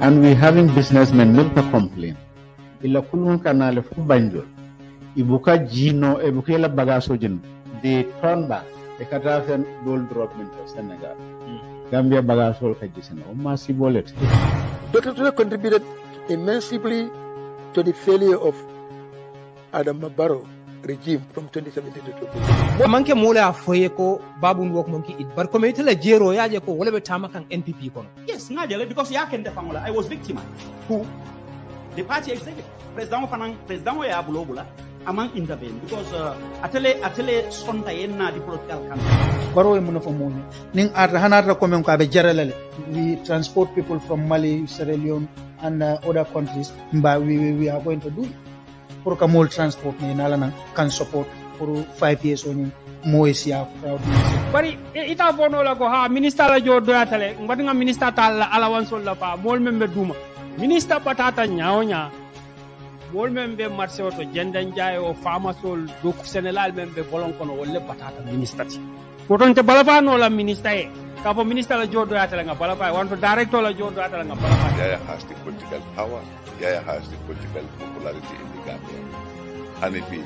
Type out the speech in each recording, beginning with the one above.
and we're having businessmen make the complaint. Ila kulun kanale fu banjul. Ibuka jino ebuka ila bagaso jin. They turn back. They cut off and gold drop into Senegal. Hmm. Gambia bagaso kajisena. Umasi bolet. Dr. Tula contributed immensely to the failure of Adam Barrow regime from 2017 to 2020 yes because ya ken defa ngola i was victim who the party executive president fanan president ya bulo bula among intervene because uh, atele atele sonta yenna di political campaign baro e munafo mun nin ar hanarta ko men ko abe jaralale we transport people from mali sierra leone and uh, other countries but we, we, we are going to do it pour que mol transport ni nala na kan support pour 5 years oni moy siya crowd bari ita bono la ko ha minister la jo doyatale ngati nga minister tal la alawansol la pa mol membe duma minister patata nyaaw nyaa wol men be marché o to jenden jaye o famasol do sénégal men be bolon kono wolle batata ministre ti woton te balafa no la ministre e ka fo ministre la jodo atala nga balafa wonto directeur la jodo atala nga balafa there has the political power has the political popularity in the Gambia. Hanipi,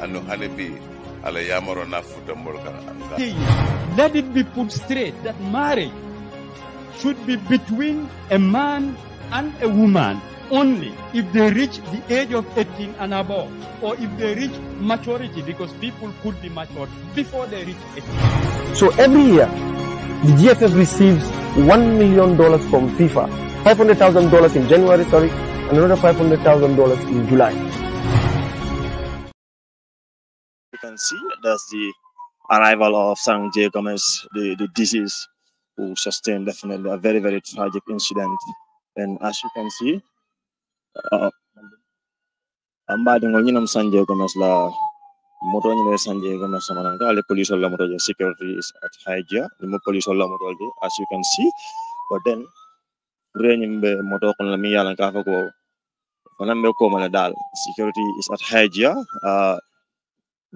and Hanipi, Let it be put straight that marriage should be between a man and a woman only if they reach the age of 18 and above, or if they reach maturity, because people could be matured before they reach 18. So every year, the GFF receives $1 million from FIFA $500,000 in January, sorry, and another $500,000 in July. You can see that's the arrival of San Jay Gomez, the, the disease who sustained definitely a very, very tragic incident. And as you can see, uh, ambaɗi ngol ñinam sanjay gomes la moto ñine sanjay gomes somananka ale police olla moto security is at high gear nimo police olla moto je as you can see but then reñim be moto kon la mi yalla ka fa ko fanan be ko mala dal security is at hajia ya. uh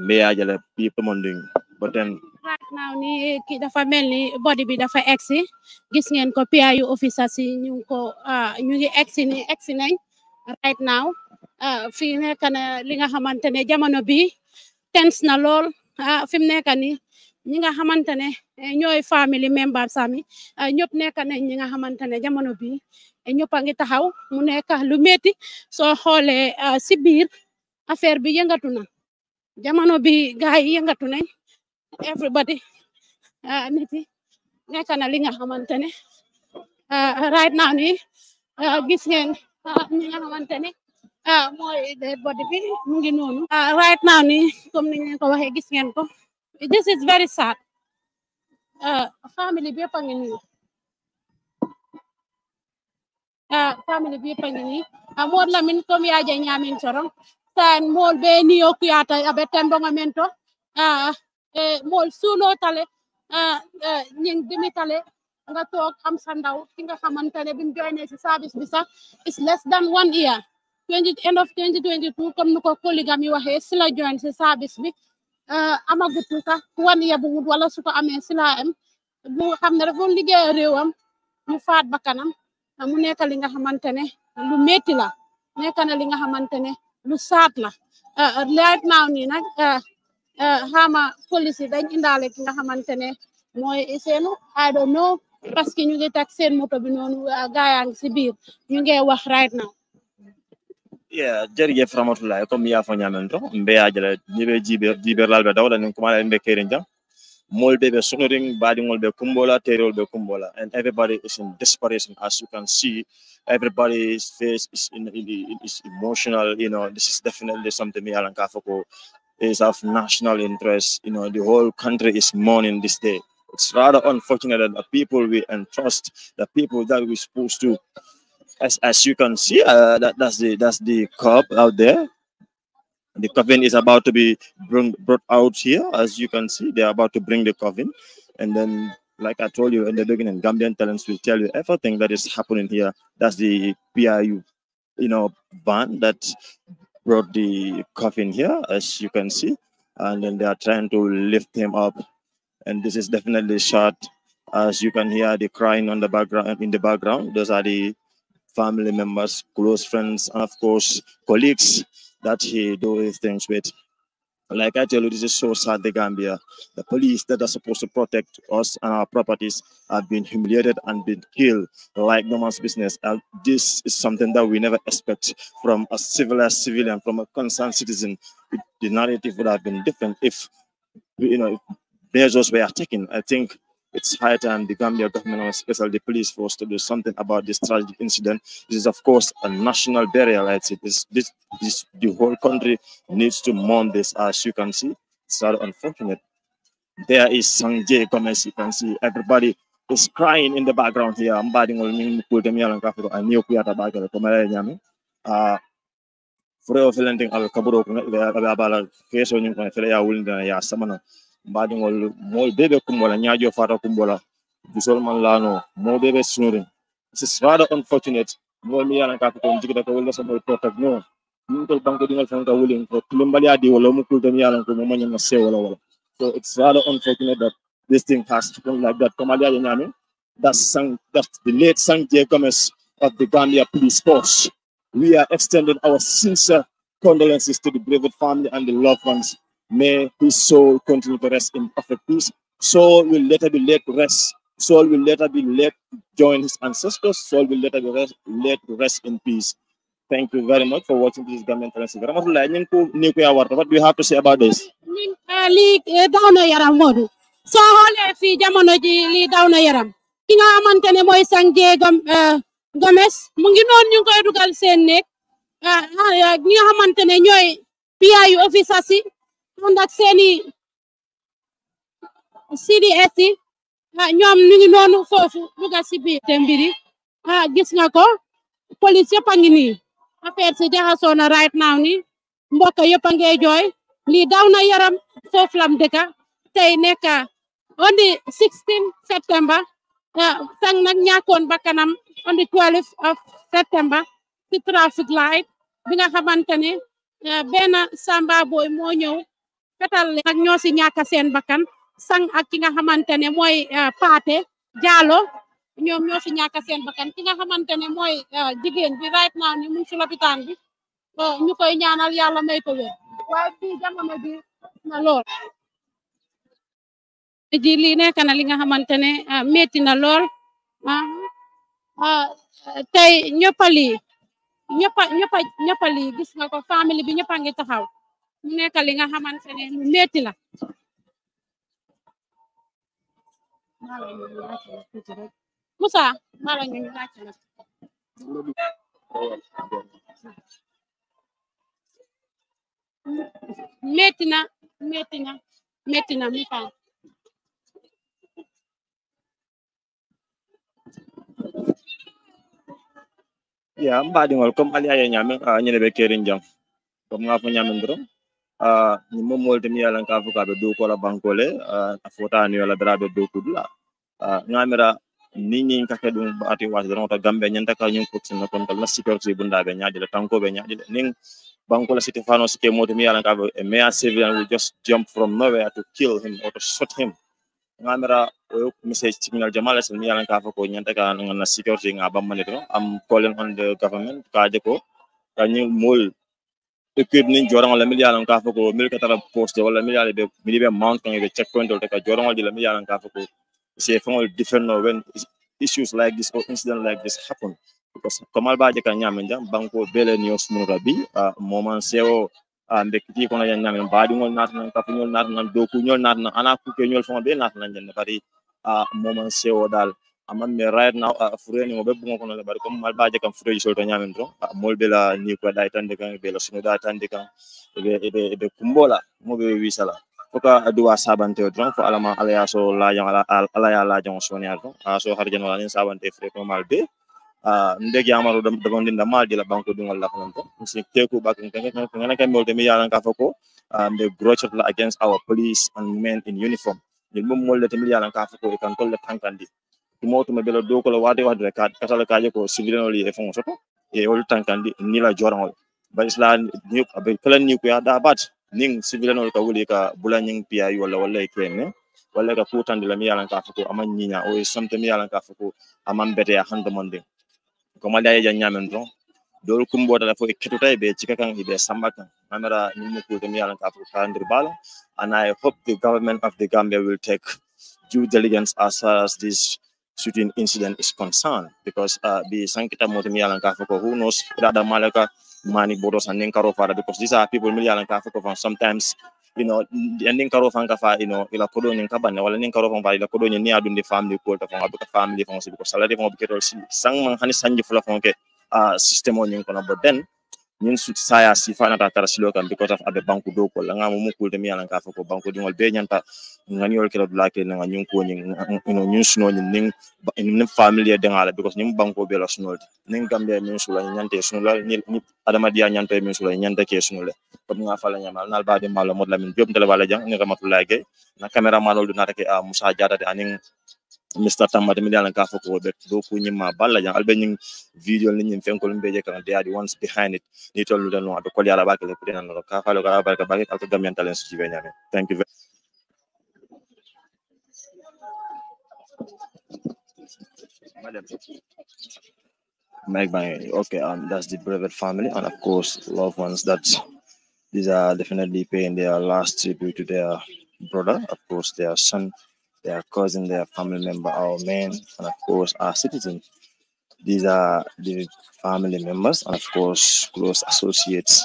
me ajale ya pi pamanding but then right now ni ki dafa melni body bi dafa exi gis ngeen ko PIU officer si ñu ko ñu ngi exi ni exi nañ right now fi nekk na li nga xamantene jamono bi tense na lool fim nekk ni ñi nga xamante ne eh, ñooy family member sami eh, ñëpp nekk nañ ñi nga xamante ne jamono bi eh, ñëpp a ngi taxaw mu nekk lu métti soo xoolee si biir bi yëngatu na jamono bi gaay yi yëngatu nañ everybody nit yi nekk na li nga xamante ne right now ni gis ngeen ñi mooy dead body bi mu ngi noonu right now ni comme ni ngeen ko waxee gis ngeen ko This is very sad. Uh, family be upon you. uh, family be upon you. ngi nii a mood la min comme yaaje ñaamin coron Then more be niyo kuyaata abe tembonga men to uh, more mool tale uh, uh, ñing dimi tale nga toog am sa ndaw ki nga xamantane bim joine ci service bi sax is less than one year 20 end of 2022 comme nu ko collègue am yi waxee si join ci service bi amagut sax wan yebugut wala su ko amee si laa am mu xam ne dafa liggéey réewam mu faat bakkanam mu nekk li nga xamante ne lu métti la nekk li nga xamante ne lu saat la eh, right now nii nag eh, eh, xama police dañ indaale ki nga xamante ne mooy seenu I don't parce que ñu ngi tag seen moto bi noonu gaayaa ngi si biir ñu ngi wax right yeah jerejef rahmatullahi comme mi yafo ñamen to mbeyajele ñiɓe jiber jiberlal ɓe dawla nin kumaɗa en ɓe kerin jam molɓe ɓe sohnorin baɗigol ɓe kumbola terol ɓe kumbola and everybody is in desperation as you can see everybody's face is, in, is emotional you know this is definitely something we alan in. foko is of national interest you know the whole country is mourning this day it's rather unfortunate that the people we entrust the people that we're supposed to as, as you can see, uh, that, that's the that's the cup out there. The coffin is about to be bring, brought out here. As you can see, they're about to bring the coffin. And then, like I told you in the beginning, Gambian talents will tell you everything that is happening here. That's the PIU, you know, van that brought the coffin here, as you can see. And then they are trying to lift him up. And this is definitely shot as you can hear the crying on the background in the background those are the family members, close friends, and of course, colleagues that he do things with. Like I tell you, this is so sad, the Gambia. The police that are supposed to protect us and our properties have been humiliated and been killed like no man's business. And this is something that we never expect from a civilized civilian, from a concerned citizen. The narrative would have been different if, you know, measures were taken. I think it's high time the Gambia government, and especially the police force, to do something about this tragic incident. This is, of course, a national burial. It's, it's, this, this, the whole country needs to mourn this, as you can see. It's rather unfortunate. There is Sanjay Gomez, you can see everybody is crying in the background here. I'm batting on me, put them here and capital. I knew Kuyata Bagel, Comare Yami. Uh, for the offending Al Kaburo, the Abala case on you, I feel I will, yeah, someone mbaadiŋol moolu bee be kumbo fata kumbo la man laano moo bee be sunurin it's rather unfortunate mool mi yaana kaa ko jigita ko wala somol protect no min tol banko dingal fan ka wulin ko tulimbaliya di wala mu kultam yaalan ko mo mañan na sew wala wala so it's rather unfortunate that this thing has happened like that comme aliya ñami that's sang that's the late sang j gomez of the gambia police force we are extending our sincere condolences to the bereaved family and the loved ones May his soul continue to rest in perfect peace. Soul will later be laid to rest. Soul will later be led to join his ancestors. Soul will later be rest, led to rest in peace. Thank you very much for watching this government currency. What do you have to say about this? So xoolee fii jamono ji lii daw na yaram ki nga xamante ne mooy Sanjay eh, Gomes mu ngi noonu ñu ngi koy dugal seen néeg ah, ah, ñi nga xamante ne ñooy PIU officers mun nag seeni CDS yi ñoom ñu ngi foofu duga si biir te gis nga ko police yëpp a ngi nii affaire si jaxasoo na ni mbokk yëpp a ngee jooy lii daw na yaram foofu lam dëkka tey nekk on the 16 septembre sang nag ñàkkoon bakkanam on the of septembre si traffic light bi nga xamante ni benn samba boy moo fetal ak ñoo si ñàkk seen bakkan sang ak ki nga xamantene moy euh, paté jalo jaalo ñoom ñoo si ñàkk seen bakkan ki nga xamantene moy euh, jigen bi right now ñu mu ci l'hôpital bi ñu koy ñaanal yalla may ko wër waaye bi jamono bi na lool ji li nekk na li nga xamantene euh, metti na lool ah, ah, tey ñëppali ñëppa ñëppa ñëppali gis nga ko family bi ñëppa nga taxaw mu nekk li nga xamante lu metti la Musa mala ñu ñu la metti na metti na metti na fa ya mbadi ngol comme ali ayanya me ñene be kerin jam comme nga fa uh, mo molti mi yalan ka fo be do ko la bankole uh, ah, a fota ni wala dara be do kudula ah, nga mira ni ni ka ke dum ati wa dara ta gambe nyanta ka nyum ko ci na kon bunda be la tanko be nyaade ning bankola Stefano sike mo mi yalan ka be me a we just jump from nowhere to kill him or to shoot him ngamera o message signal jamal sen mi yalan ka ko nyanta ka na security nga bamane manito am calling on the government ka de ko ka ni equipe ni jorong la mil yalan ka foko ko mil ka tara poste wala mil be mil be mount kan be checkpoint de ka jorong di la mil yalan ka foko c'est fond different no when issues like this or incident like this happen because comme alba je kan nyamen jam banko bele ni osmun rabi a moment sewo a be kiti kono yan nyamen ba di ngol nat nan ka nyol nat nan doku nyol nat nan ana ku ke nyol fond be nat nan jenne bari a moment sewo dal amma me right now a ah, furo ni be bungo kono labar ko mal baaje kam fure jolto nyamen a ah, mol be la ni ko da tan de kan be la sunu da tan de kan be be be kumbola mo be wisala foka saban sabante dron fo alama ala ya so la jang ala ala ya la so ni dron a so harjan wala ni sabante fre ko mal be a nde gi amaro dam dam ndin mal di la banko dum wala ko ko si teku bak kan ngene kan de mi lan ka foko de the la against our police and men in uniform ñun mom de mi lan ka foko e kan tolle tankandi tumo tumo bela do ko la wade wade ka katala kaje ko civilian li e fon soto e wol tankandi ni la joran ba isla ni abe kala ni ko ya da bat ning civilian ka wuli ka bulanying pia wala wala ikene e wala ka kutan la mi yalan ka fuko aman nyinya o e samte mi yalan ka fuko aman bete ya hando monde ko e ma daye janyamen don dol kumbo da fo ketutay be cika kan hibe samba kan amara ni mo ko mi yalan ka fuko kandir bala and i hope the government of the gambia will take due diligence as far as this shooting incident is concerned because uh be sankita motimi alankafoko who knows rather malaka mani bodos and ninkaro because these are people mili alankafoko from sometimes you know ninkaro fanka fa you know ila kodo ninka banne wala ninkaro fanka ila kodo ni adunde family ko ta fanka because family fanka because salary fanka because sang man hani sanji fula fanka uh system on ninkono but then ñun saya si fana ta tara silo kan because of abe banku do ko nga mo mukul de mi alan ka ko banku ngol be nga ñu yol kila dula ke nga ñun ko ñin ñu ñun suno ñin ning ni family de la because ñu banko be la suno ning gambe su la ñante suno la ñi adama dia ñante su la ñante ke suno le ko nga la ñamal nal ba de mala mod la min job de la wala jang ni ramatullah na camera malol du na ke a ah, musa jada de aning ah, Mr. Tamba de Milan Kafo Kobek, Doku Nima Bala, and Albany video Linin Fenkol Mbejek, and they are the ones behind it. Nito Ludano, the Kolia Labak, the Putin and Kafa, Logarabaka, Alto Gamian Talents, Givenyame. Thank you very much. Madam. my. Okay, um, that's the beloved family, and of course, loved ones. That these are definitely paying their last tribute to their brother, of course, their son, their cousin, their family member, our men, and of course our citizens. These are the family members and of course close associates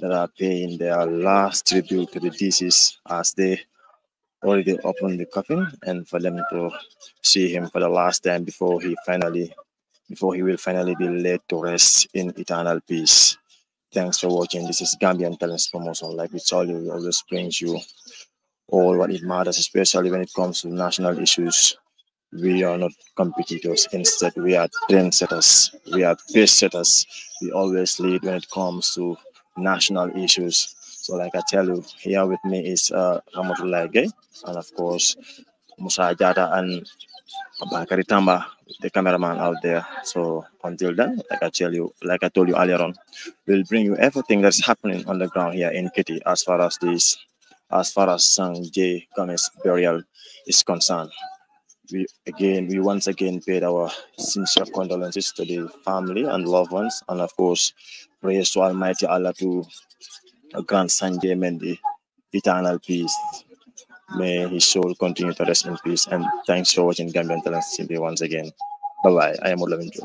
that are paying their last tribute to the deceased as they already opened the coffin and for them to see him for the last time before he finally before he will finally be laid to rest in eternal peace. Thanks for watching. This is Gambian Talents Promotion. Like we told you, we always brings you all what it matters, especially when it comes to national issues. We are not competitors. Instead, we are trendsetters. We are pace setters. We always lead when it comes to national issues. So, like I tell you, here with me is uh, Gay and, of course, Musa Jada and Bakari Tamba, the cameraman out there. So until then, like I tell you, like I told you earlier on, we'll bring you everything that's happening on the ground here in Kitty as far as these as far as Sangye Gomez burial is concerned. We again, we once again paid our sincere condolences to the family and loved ones, and of course, praise to Almighty Allah to grant Sanjay Mendy eternal peace. May his soul continue to rest in peace. And thanks for watching Gambian Talents TV once again. Bye bye. I am Olavinjo.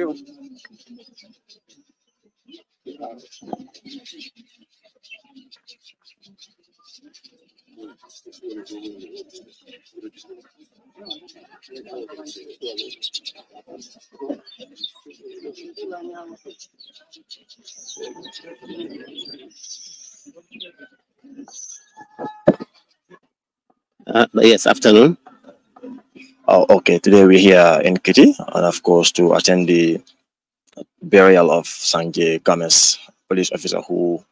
do. Uh, yes, afternoon. Okay, today we're here in Kitty, and of course to attend the burial of Sanjay Gomez, police officer who,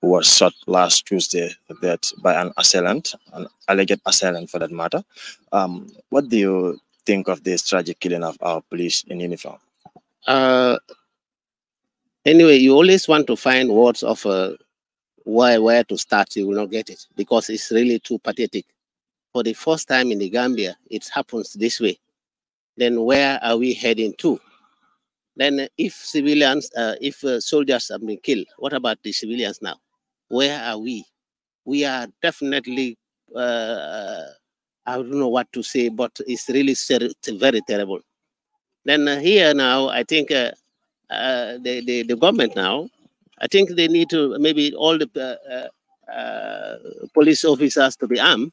who was shot last Tuesday that by an assailant, an alleged assailant for that matter. Um, what do you think of this tragic killing of our police in uniform? Uh, anyway, you always want to find words of uh, why, where to start. You will not get it because it's really too pathetic for the first time in the Gambia, it happens this way. Then where are we heading to? Then if civilians, uh, if uh, soldiers have been killed, what about the civilians now? Where are we? We are definitely, uh, I don't know what to say, but it's really very terrible. Then here now, I think uh, uh, the, the, the, government now, I think they need to maybe all the uh, police officers to be armed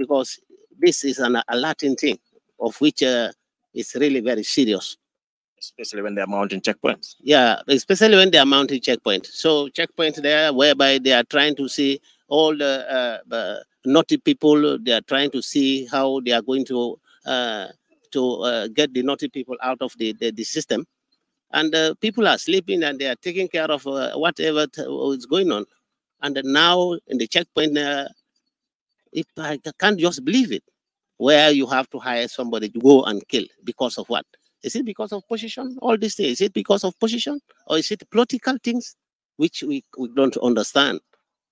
because this is an alerting thing of which uh, it's really very serious. Especially when they are mounting checkpoints. Yeah, especially when they are mounting checkpoints. So checkpoints there whereby they are trying to see all the uh, uh, naughty people, they are trying to see how they are going to uh, to uh, get the naughty people out of the, the, the system. And uh, people are sleeping and they are taking care of whatever is going on. And now in the checkpoint, it, I can't just believe it. Where you have to hire somebody to go and kill because of what? Is it because of position? All these things. Is it because of position? Or is it political things which we, we don't understand?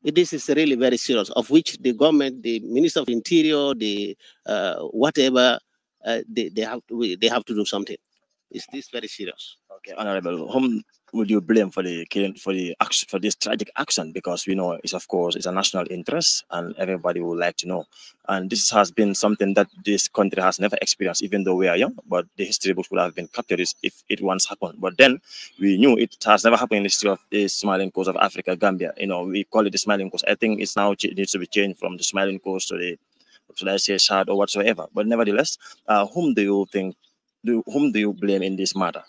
This is really very serious, of which the government, the Minister of Interior, the uh, whatever, uh, they, they, have to, they have to do something. Is this very serious? Okay, Honorable. Home would you blame for the killing for the action for this tragic action because we know it's of course it's a national interest and everybody would like to know and this has been something that this country has never experienced even though we are young but the history books would have been captured if it once happened but then we knew it has never happened in the history of the smiling coast of africa gambia you know we call it the smiling coast i think it's now it needs to be changed from the smiling coast to the should i say sad or whatsoever but nevertheless uh, whom do you think do, whom do you blame in this matter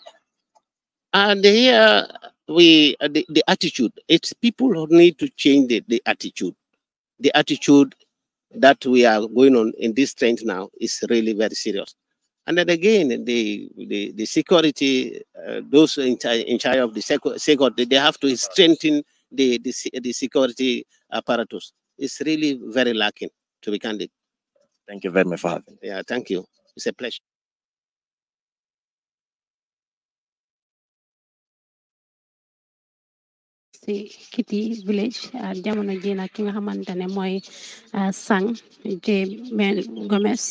and here we uh, the, the attitude. It's people who need to change the, the attitude. The attitude that we are going on in this trend now is really very serious. And then again, the the, the security, uh, those in, in charge of the security, they have to strengthen the, the, the security apparatus. It's really very lacking, to be candid. Thank you very much for having me. Yeah, thank you. It's a pleasure. ci Kiti village euh, jamono ji nag ki nga xamante ne mooy euh, Sang J Gomez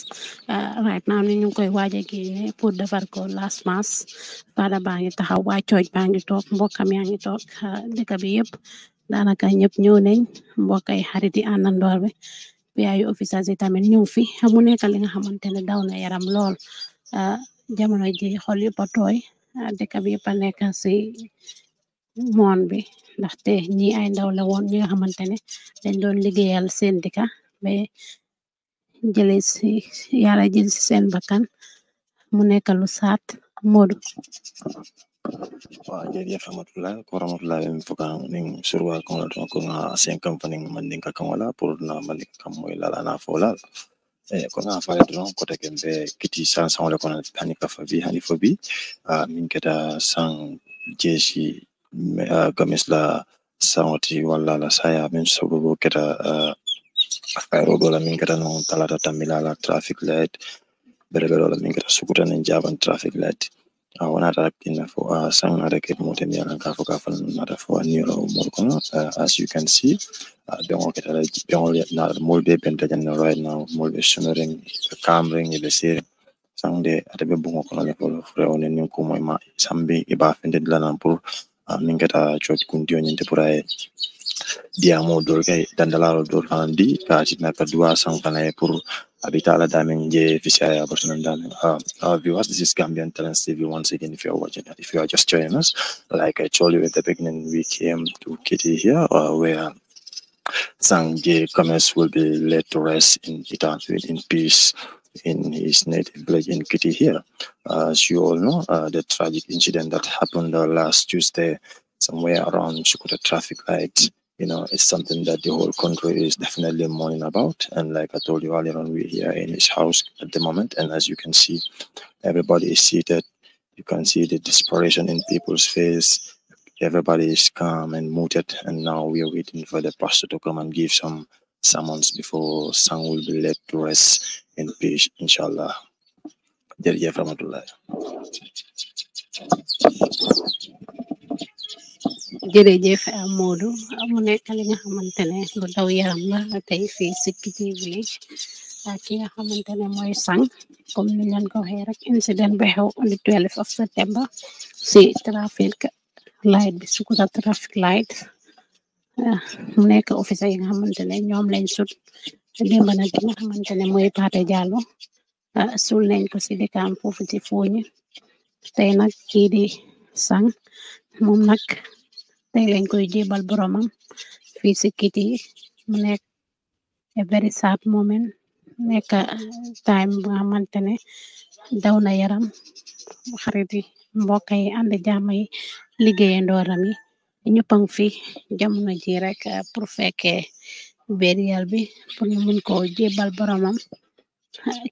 euh, right ñu ngi koy waaj a génne pour defar ko last mass fada baa ngi taxaw waa cooj baa ngi toog mbokkam yaa ngi toog dëkk bi yëpp daanaka ñëpp ñëw nañ mbokkay xarit yi àndandoor bi PIU officers yi tamit ñu fi mu nekk li nga xamante ne daw na yaram lool jamono ji xol yëpp a tooy bi yëpp a nekk si moon bi ndaxte ñi ay ndaw la woon ñi nga xamantene dañ doon liggéeyal seen dika ba jële si yàlla jël ci seen bakkan mu nekk lu saat moodu waaw jërëjëf amatula ko ramatula ɓe wa ko surwa ko tuma koŋa sen kam fanin mandin ka wala pour na mandin kam moy la na fo lala kono do ko te kota be kiti le ko na ani ka fo bi ah min keta sans jeshi gamisla sawti wala la saya min sobobo keta kayroɓe uh, la min keta non talata tamila la traffic light bereɓeɗe la min keta sukutanen jaban traffic light a wonata inna fo a sangnata kete moten yalan ka fo ka fana nata fo a niyola o mol kono uh, as you can see ɓeŋo ketala ɓeŋol mol ɓe ɓen dajanno right now mol ɓe sunoren ɓe kamren eɓe seeren sangde ata ɓe bungo kono le folo fure o nen nin kumo ma sambe e ba fende dilanan pour mingeɗa kundiyo ndiyoñinde ɓura e diamo dor kay dandalaro dor kan di ka jitna ka kana e pour abita la damen je fisi ay abortan damen uh, ah, uh, ah, viewers this is Gambian Talent TV once again if you're watching that if you are just joining us like I told you at the beginning we came to Kitty here uh, where Sangye comments will be let to rest in, in, in peace in his native village in Kitty here. Uh, as you all know, uh, the tragic incident that happened uh, last Tuesday, somewhere around Chukuta traffic light, you know, it's something that the whole country is definitely mourning about. And like I told you earlier on, we're here in his house at the moment. And as you can see, everybody is seated. You can see the desperation in people's face. Everybody is calm and muted. And now we are waiting for the pastor to come and give some sermons before Sang will be led to rest in peace inshallah Jadi ya, rahmatullah jërëjëf Modou mu nekk li nga xamante ne lu daw yaram la tey tapi si Kidji village Aki ki nga mau sang komunian kau herak insiden waxee on the 12 of September si trafic light bi Sukuta trafic light mu nekk officer yang nga nyom ne démb nag ki nga xamante ne mooy Paate Jallow suul nañ ko si dëkkaam foofu ci fooñi tey nag kii di sang moom nag tey lañ koy jébal boromam fii si kiti mu nekk a very sad moment nekk time bu xamante ne daw na yaram xarit yi mbokk yi ànd jàmm yi liggéeyandooram a ngi fi jamono ji rek pour fekkee burial bi pur ñu ko jébal boromam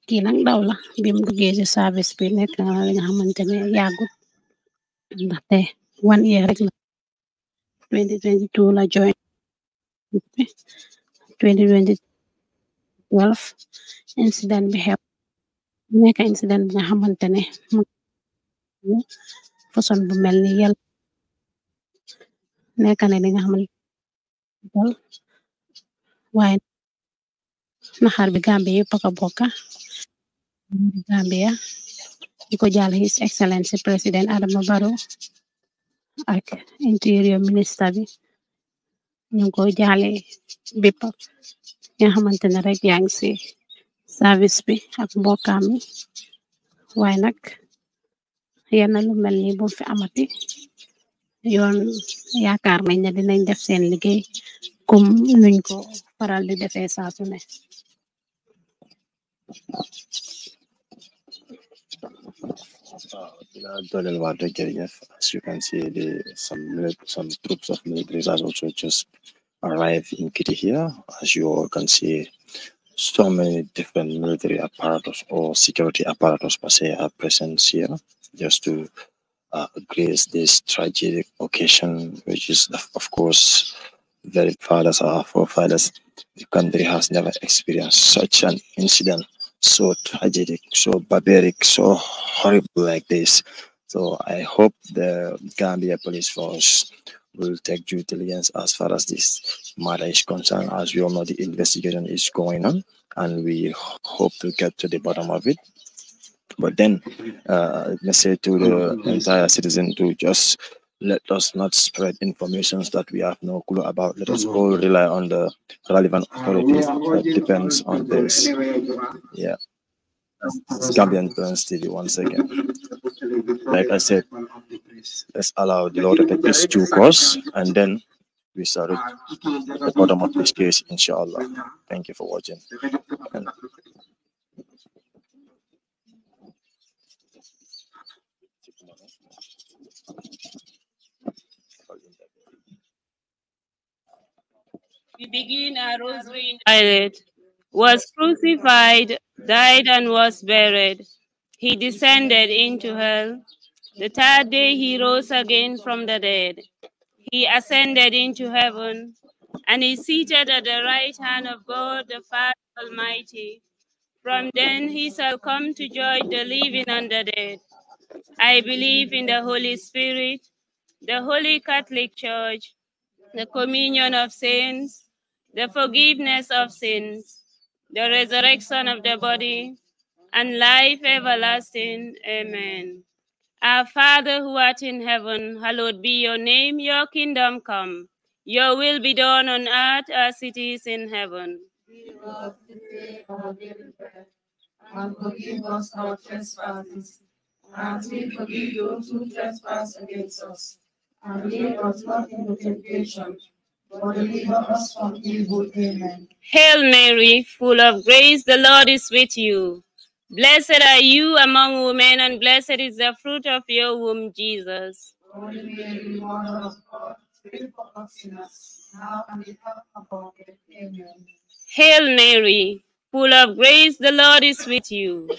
kii nag ndaw la bim duggee ci service bi nekk na li nga xamante ne yàggut ndaxte one year rek la 2022 la join 2012 incident bi xew nekk incident bi nga xamante ne mu façon bu mel ni nga xamante waaye naxar bi Gambia yëpp a bokka Gambia di ko jaal his excellency president Adama Barrow ak interior minister bi ñu ko jaale bépp nga xamante ne rek yaa ngi si service bi ak mbokkaam mi waaye nag yenn lu mel ni bu fi amati yoon yaakaar nañ ne dinañ def seen liggéey comme nuñ ko para el defensa में war as you can see, the, some some troops of militaries has also just arrived in Kitty here. As you all can see, so many different military apparatus or security apparatus per se are present here just to uh, grace this tragic occasion, which is, of course, very proud as our forefathers the country has never experienced such an incident, so tragic, so barbaric, so horrible like this. So I hope the Gambia Police Force will take due diligence as far as this matter is concerned. As we all know, the investigation is going on, and we hope to get to the bottom of it. But then, uh, message to the entire citizen to just let us not spread informations that we have no clue about. Let us mm-hmm. all rely on the relevant ah, authorities that depends on this. Yeah. Gambian Burns TV, one second. Like I said, let's allow the law to take this due course and then we shall at the bottom of this case, inshallah. Thank you for watching. And we begin our rosary in Pilate, was crucified, died, and was buried. He descended into hell. The third day he rose again from the dead. He ascended into heaven, and is seated at the right hand of God the Father Almighty. From then he shall come to judge the living and the dead. I believe in the Holy Spirit, the Holy Catholic Church, the communion of saints the forgiveness of sins, the resurrection of the body, and life everlasting. Amen. Our Father who art in heaven, hallowed be your name, your kingdom come. Your will be done on earth as it is in heaven. Give us today our daily bread, and forgive us our trespasses, as we forgive those who trespass against us. And lead us not into temptation, Hail Mary, full of grace, the Lord is with you. Blessed are you among women, and blessed is the fruit of your womb, Jesus. Hail Mary, full of grace, the Lord is with you.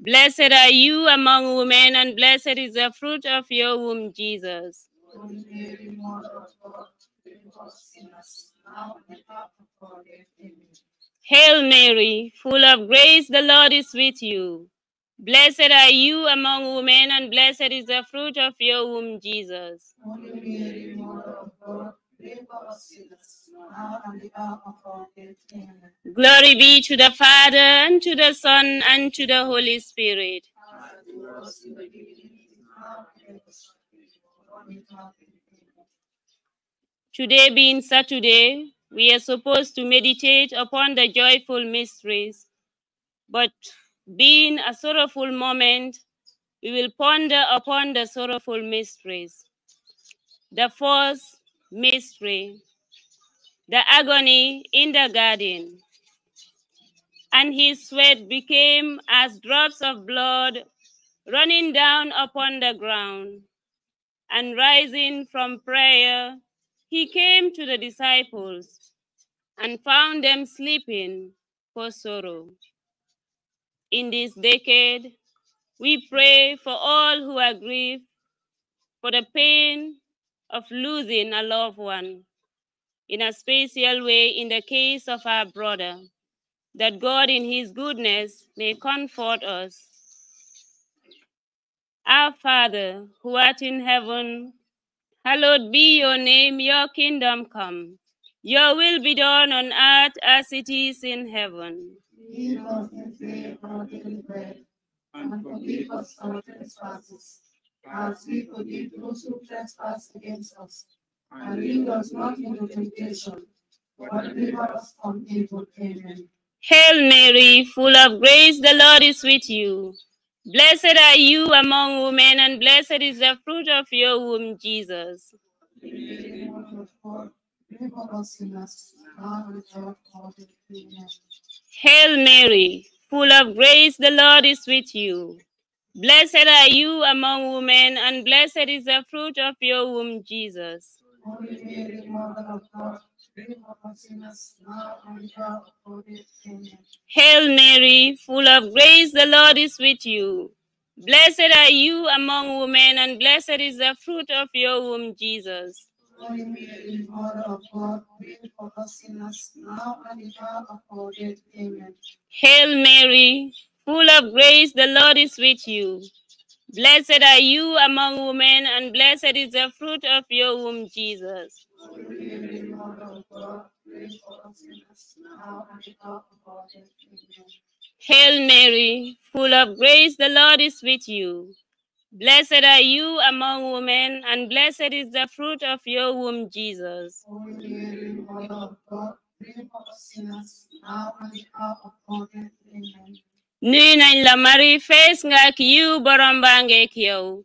blessed are you among women, and blessed is the fruit of your womb, Jesus. Holy Mary, Hail Mary, full of grace, the Lord is with you. Blessed are you among women, and blessed is the fruit of your womb, Jesus. Glory be to the Father, and to the Son, and to the Holy Spirit. Amen. Today being Saturday, we are supposed to meditate upon the joyful mysteries. But being a sorrowful moment, we will ponder upon the sorrowful mysteries. The first mystery, the agony in the garden. And his sweat became as drops of blood running down upon the ground and rising from prayer he came to the disciples and found them sleeping for sorrow. In this decade, we pray for all who are grieved, for the pain of losing a loved one, in a special way in the case of our brother, that God in his goodness may comfort us. Our Father, who art in heaven, Hallowed be your name, your kingdom come. Your will be done on earth as it is in heaven. and forgive us our trespasses, as we forgive those who trespass against us. And lead us not into temptation, but deliver us from evil. Amen. Hail Mary, full of grace, the Lord is with you. Blessed are you among women, and blessed is the fruit of your womb, Jesus. Hail Mary, full of grace, the Lord is with you. Blessed are you among women, and blessed is the fruit of your womb, Jesus. Holy Mary, Mother of God, Hail Mary, full of grace, the Lord is with you. Blessed are you among women, and blessed is the fruit of your womb, Jesus. Hail Mary, full of grace, the Lord is with you. Blessed are you among women, and blessed is the fruit of your womb, Jesus. Holy Mary, Hail Mary, full of grace, the Lord is with you. Blessed are you among women, and blessed is the fruit of your womb, Jesus. Holy Mother of la Marie, face ngak you, borombange kyo.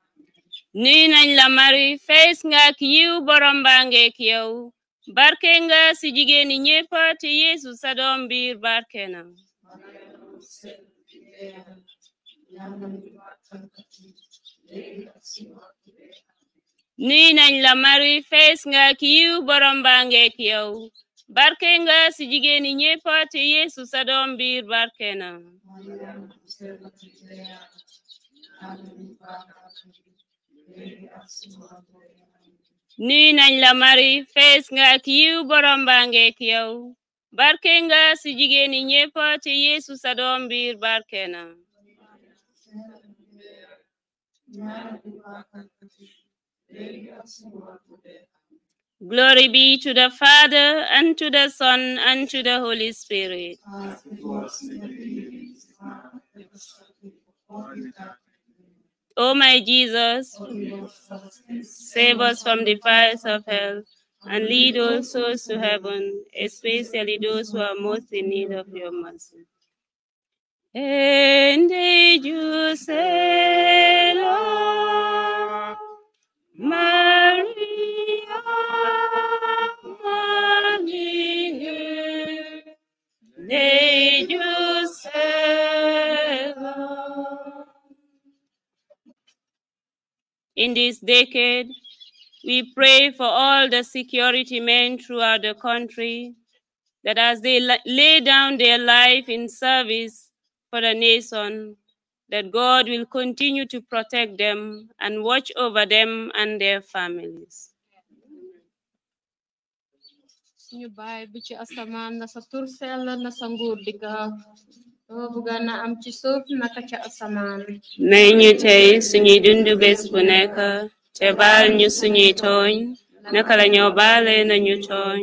nuy nañ la Marie fees nga ak borom baa ngeek yow barke nga ci jigéen ñi te Yeesu sa biir barke na nuy nañ la Marie fees nga ak borom baa ngeek yow barke nga ci jigéen ñi ñépp te Yeesu sa biir barke na nañ la mari fees nga ak yiw borom yow barke nga si ñépp yeesu sa doom biir barke na Glory be to the Father, and to the Son, and to the Holy Spirit. As it was in the beginning, now, ever, O oh my Jesus, save us from the fires of hell and lead all souls to heaven, especially those who are most in need of your mercy. And did you say, Lord, Maria, Maria, did you say, Lord, In this decade, we pray for all the security men throughout the country that as they lay down their life in service for the nation, that God will continue to protect them and watch over them and their families. na sa na dama bëgga na am ci suuf naka ca asamaan may ñu tey suñuy dundu bés bu nekk te baal ñu suñuy tooñ naka la ñoo baale nañu tooñ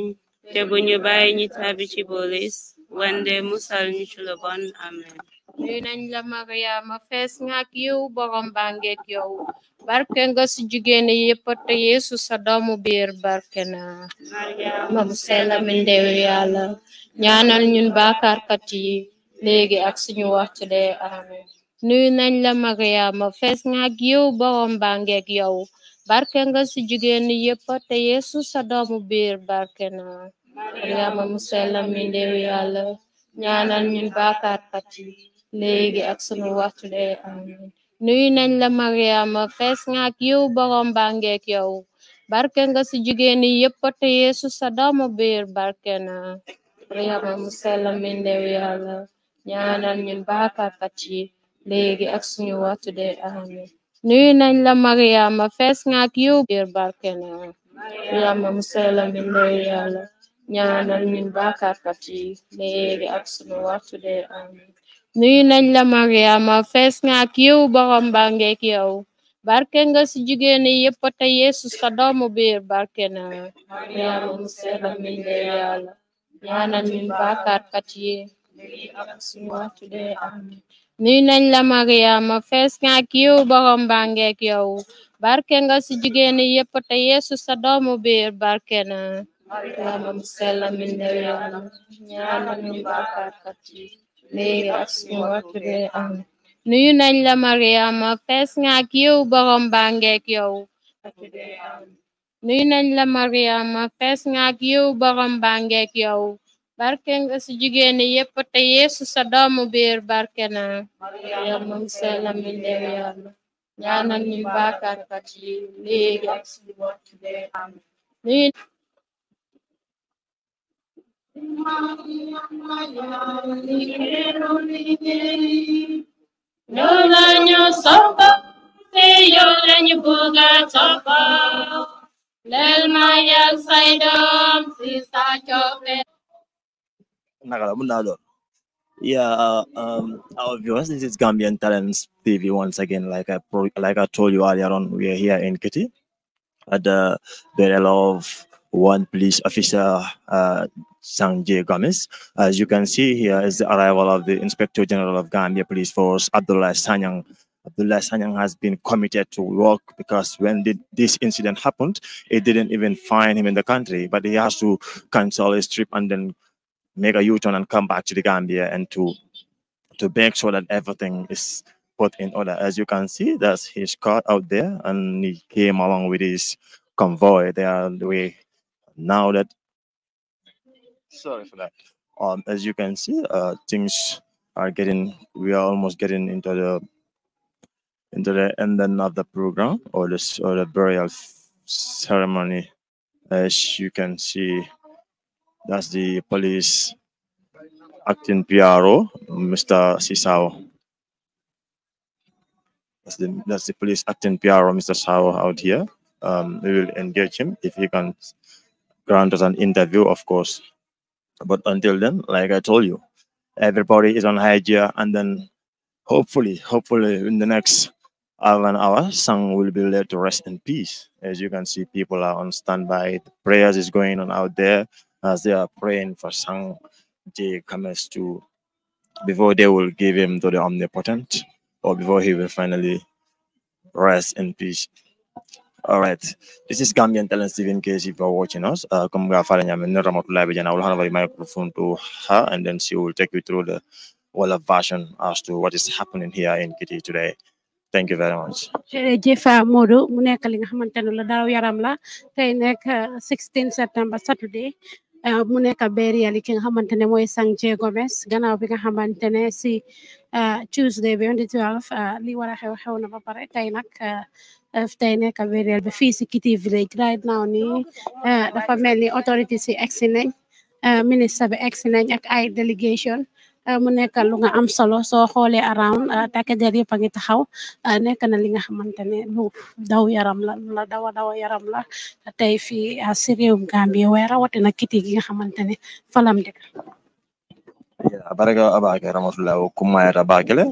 te bu ñu bàyyi ñu tàbbi ci bolis wande musal ñu ci lu bon amen nuyu nañ la Mariama fees nga ak yiw borom baa ngeeg yow barke nga si jigéen yépp te yeesu sa doomu biir barke na Mariama mu sell mi ndeewu ñaanal ñun baakaarkat yi legi ak suñu waxtude amen nuy nañ la maria ma fess nga ak yow borom bangé ak yow barké nga ci jigéen yépp té yesu sa doomu biir barké na maria ma musalla mi ndeew yalla ñaanal ñun bakkar yi legi ak suñu waxtude amen nuy nañ la maria ma fess nga ak yow borom bangé ak yow barké nga ci jigéen yépp té yesu sa doomu biir barké na Mariama mu sella mi ndeew yàlla ñaanal ñun baakarkat yi léegi ak suñu waxtu dee amin nuyu nañ la Mariama fees nga ak yow biir barke na Mariama musala mi léegi ak suñu waxtu dee amin nuyu nañ la Mariama fees nga ak yow borom bangeek yow barke nga ci jigéen yi yëpp te Yeesu sa doomu biir barke na Mariama musala mi nuy nañ la Mariama fees nga ak yiw bangeek yow barke nga ci jigéeni yépp te sa doomu biir barke na Mariama mu nañ la Mariama fees nga ak yiw bangeek yow nuyu nañ fees nga ak yiw bangeek yow barke nga si jigéen yépp te yeesu sa doomu biir barke na Maryaama ya, mi ndew Yàlla ñaanal ñu bàkkaarkat yi léegi ak suñu waxtu dee te yow a ma say doom si sa Yeah, uh, um, our viewers, this is Gambian Talents TV once again. Like I like I told you earlier on, we are here in Kitty at the burial of one police officer, uh, Sanjay Gomez. As you can see here is the arrival of the Inspector General of Gambia Police Force, Abdullah Sanyang. Abdullah Sanyang has been committed to work because when did this incident happened, it didn't even find him in the country, but he has to cancel his trip and then make a U-turn and come back to the Gambia and to to make sure that everything is put in order. As you can see, there's his car out there, and he came along with his convoy. there on the way now. That sorry for that. Um, as you can see, uh, things are getting. We are almost getting into the into the ending of the program or this or the burial ceremony. As you can see, that's the police acting PRO, Mr. Sisao. That's the, that's the police acting PRO, Mr. Sisao out here. Um, we will engage him if he can grant us an interview, of course. But until then, like I told you, everybody is on high gear, and then hopefully, hopefully, in the next half an hour, Sang will be there to rest in peace. As you can see, people are on standby. Prayers is going on out there as they are praying for Sang the comes to before they will give him to the omnipotent or before he will finally rest in peace. All right. This is Gambian talent Stephen Case. If you're watching us, uh, come grab her and I will have a microphone to her and then she will take you through the Wolof version as to what is happening here in Kitty today. Thank you very much. jërëjëf uh, 16 September saturday Eh, mu nekk burial ki nga xamante ne mooy Sanjeh Gomez gannaaw bi nga xamante ne si eh, Tuesday bi on the 12 li war a xew xew na ba pare tey nag eh, tey nekk burial bi fii si Kitty Village right now nii dafa mel ni authority si egsi nañ ministre bi egsi nañ ak ay délégation Eh, mu nekk lu nga am solo soo xoolee around eh, takk der yëpp a ngi taxaw eh, nekk na li nga xamantene lu daw yaram la la dawa dawa yaram la tey fii si réewum Gambie waaye na kiti gi nga xamantene ne falam dëkk ya, baraka abake ramatullah kumayata bakele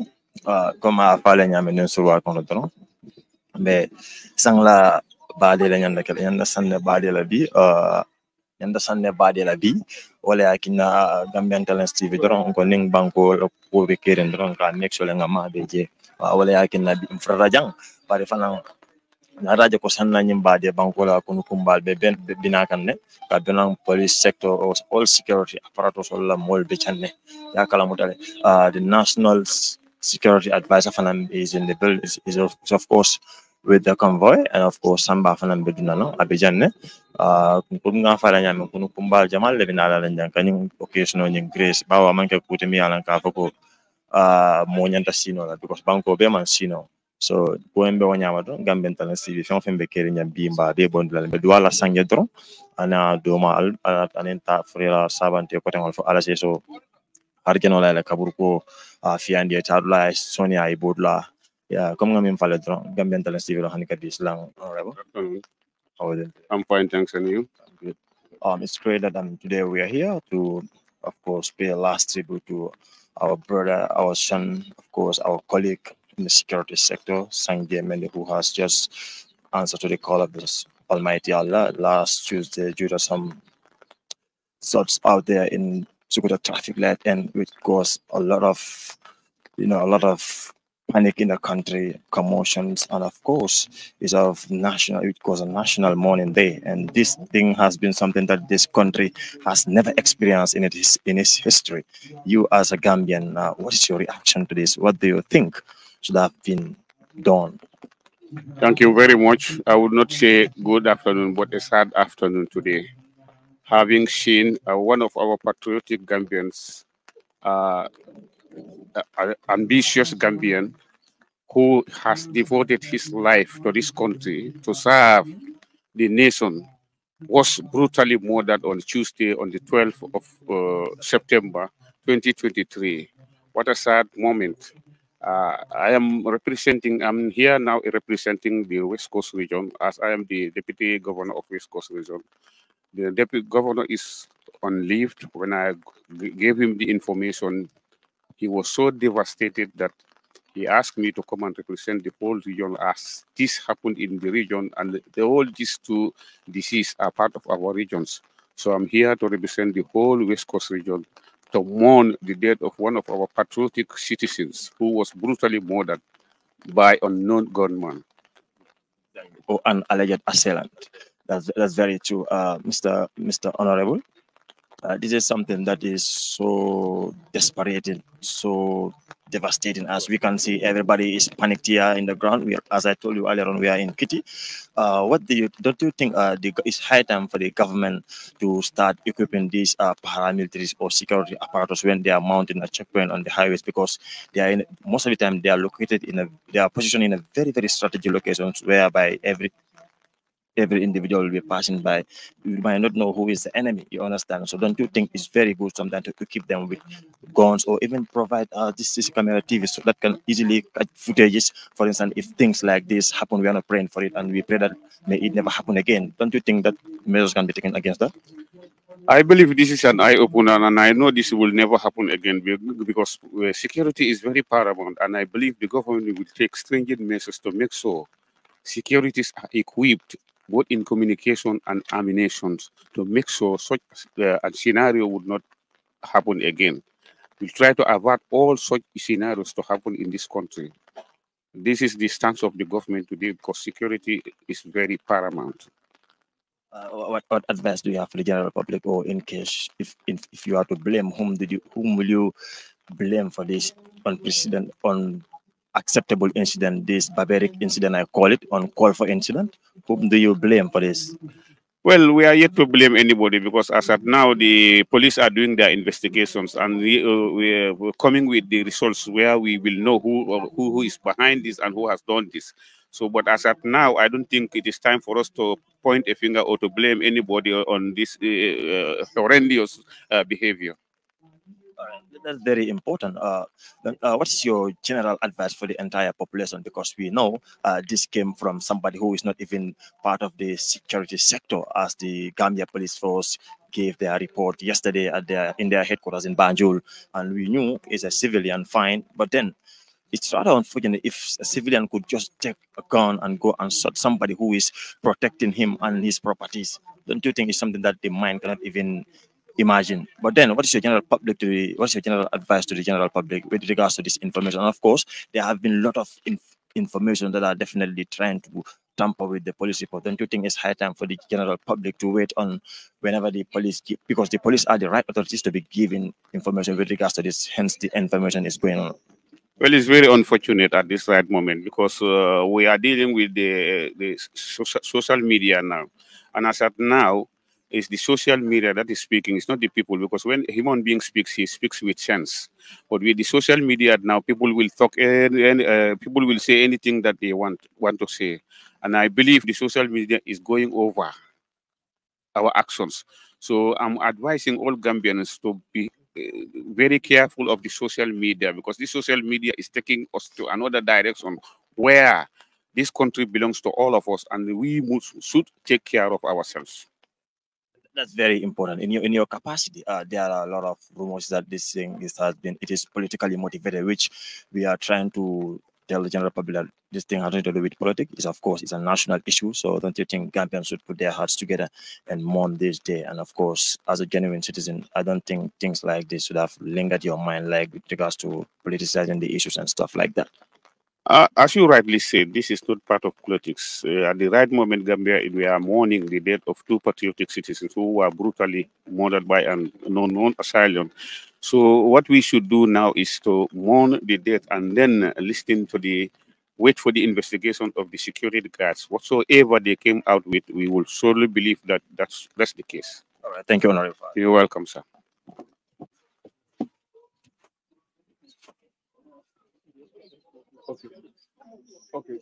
comme a faale ñaame nen surwa kono doron mais sang la baade la ñanda kele la bi euh yanda sanne baadela bi wala yakina ah, ah, gambian talents tv doron ko ning banko ko be keren doron ka nek sole ngama be je ah, wala yakina bi infrarajang pare fanan na raja ko sanna nyim baade banko la ko be ben bina kan ne ka donan police sector all security apparatus wala mol be channe ya kala mutale the national security advisor fanan is in the bill is, is of, is of course with the convoy and of course samba fana be duna no abidjan ne uh kun nga fara nyame kun kumbal jamal le bina la nyanka ni occasion ni grace bawa man ke kuti mi alan ka fako uh mo nyanta sino la because banko be man sino so boembe wanyama don gamben tan sibi fen fen be kere nyam bimba be bondula be duala sangye dron ana doma al anenta frela sabante ko tan fo ala so har genola la kabur ko uh, fiandi e tadula sonia e bodla yeah, comme nga min fale drone. Gambian talent TV lo hani kadi slang All oh, right, well, mm-hmm. How are you? I'm fine, thanks, and you? Good. Um, it's great that um, today we are here to, of course, pay a last tribute to our brother, our son, of course, our colleague in the security sector, Sanjay Mende, who has just answered to the call of this Almighty Allah last Tuesday due to some sorts out there in Sukuta traffic light, and which caused a lot of, you know, a lot of panic in the country, commotions, and of course, is of national. It was a national mourning day, and this thing has been something that this country has never experienced in its in its history. You, as a Gambian, uh, what is your reaction to this? What do you think should have been done? Thank you very much. I would not say good afternoon, but a sad afternoon today, having seen uh, one of our patriotic Gambians uh, uh, ambitious Gambian who has devoted his life to this country to serve the nation was brutally murdered on Tuesday, on the 12th of uh, September 2023. What a sad moment. Uh, I am representing, I'm here now representing the West Coast region as I am the deputy governor of West Coast region. The deputy governor is on leave. When I gave him the information, he was so devastated that he asked me to come and represent the whole region as this happened in the region and the, all these two diseases are part of our regions. So I'm here to represent the whole West Coast region to mourn the death of one of our patriotic citizens who was brutally murdered by unknown gunman. Or oh, an alleged assailant. That's, that's very true, uh, Mr. Mr. Honorable uh, this is something that is so desperating, so devastating. As we can see, everybody is panicked here in the ground. We are, as I told you earlier on, we are in Kitty. Uh, what do you don't you think uh, the, it's high time for the government to start equipping these uh, paramilitaries or security apparatus when they are mounting a checkpoint on the highways because they are in, most of the time they are located in a they are positioned in a very very strategic locations whereby every every individual will be passing by. You might not know who is the enemy, you understand? So don't you think it's very good sometimes to, keep them with guns or even provide uh, this CC camera TV so that can easily catch footages. For instance, if things like this happen, we are not praying for it and we pray that may it never happen again. Don't you think that measures can be taken against that? I believe this is an eye opener, and I know this will never happen again because uh, security is very paramount. And I believe the government will take stringent measures to make sure securities are equipped both in communication and ammunitions, to make sure such uh, a scenario would not happen again. We try to avert all such scenarios to happen in this country. This is the stance of the government today because security is very paramount. Uh, what, what, advice do you have for the general public, or in case if if, if you are to blame, whom did you whom will you blame for this unprecedented, acceptable incident, this barbaric incident, I call it, call for incident? Whom do you blame for this? Well, we are yet to blame anybody because as of now, the police are doing their investigations and we, uh, we are uh, coming with the results where we will know who, uh, who, who is behind this and who has done this. So, but as at now, I don't think it is time for us to point a finger or to blame anybody on this uh, uh horrendous uh, behavior. Uh, that's very important. Uh, uh, what's your general advice for the entire population? Because we know this came from somebody who is not even part of the security sector, as the Gambia Police Force gave their report yesterday at their in their headquarters in Banjul, and we knew it's a civilian fine. But then, it's rather unfortunate if a civilian could just take a gun and go and shoot somebody who is protecting him and his properties. Don't you think it's something that the mind cannot even imagine. But then, what is your general public to what's your general advice to the general public with regards to this information? And of course, there have been a lot of inf information that are definitely trying to tamper with the police report. Don't you think it's high time for the general public to wait on whenever the police because the police are the right authorities to be given information with regards to this. Hence, the information is going on. Well, it's very unfortunate at this right moment because uh, we are dealing with the, the social media now. And as at now, it's the social media that is speaking. It's not the people because when human being speaks, he speaks with sense. But with the social media now, people will talk and, and uh, people will say anything that they want want to say. And I believe the social media is going over our actions. So I'm advising all Gambians to be uh, very careful of the social media because this social media is taking us to another direction where this country belongs to all of us and we should take care of ourselves that's very important in your in your capacity. Uh, there are a lot of rumors that this thing is, has been it is politically motivated, which we are trying to tell the general public that this thing has nothing to do with politics. It's of course it's a national issue. So don't you think Gambians should put their hearts together and mourn this day? And of course, as a genuine citizen, I don't think things like this should have lingered your mind, like with regards to politicizing the issues and stuff like that. Uh, as you rightly said, this is not part of politics. Uh, at the right moment, Gambia, we are mourning the death of two patriotic citizens who were brutally murdered by an unknown asylum. So what we should do now is to mourn the death and then listen to the, wait for the investigation of the security guards. Whatsoever they came out with, we will surely believe that that's, that's the case. All right. Thank you, Honorable. You're welcome, sir. Okay. Okay.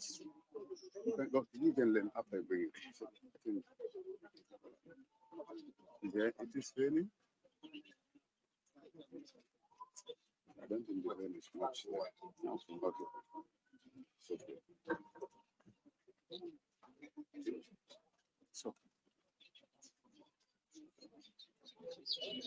You can, go, you can learn after So, I think. Yeah, it is raining. I don't think the rain is much there. okay. It's okay. It's okay. Did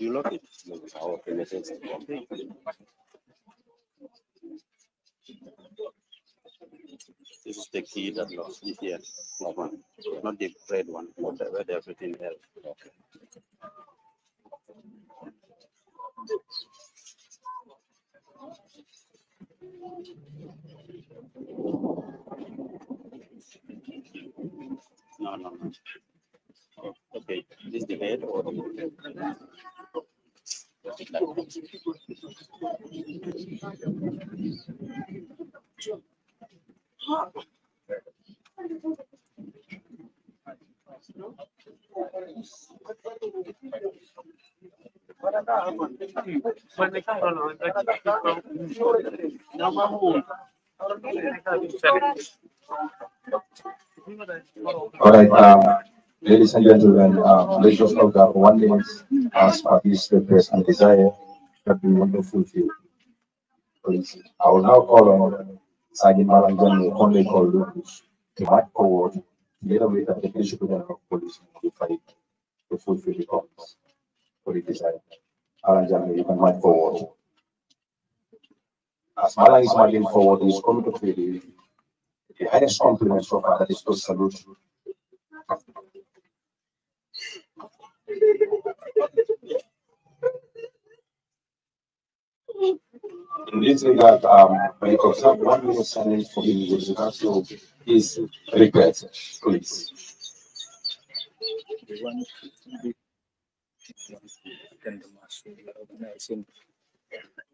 you lock it? No, our premises is complete. This is the key that locks this here, not one, not the red one, but where everything else. Okay. No, no, no. Oh, okay, this the head or the all right, um, ladies and gentlemen, um, uh, let's just talk that one minute as per this request and desire that be want to fulfill. Please, I will now call on Sergeant Maranjan Konde Kolu to act forward here we have the disciplinary policy modified to fulfill the purpose for the design. Arrange you can move forward. As Mala is moving forward, is coming to believe the highest compliments far that is to salute this that um, I observe one minute silence for him with regards to his regrets, please.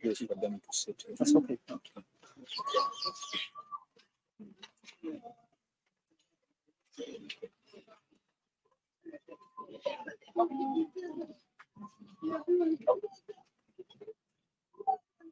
the for That's okay.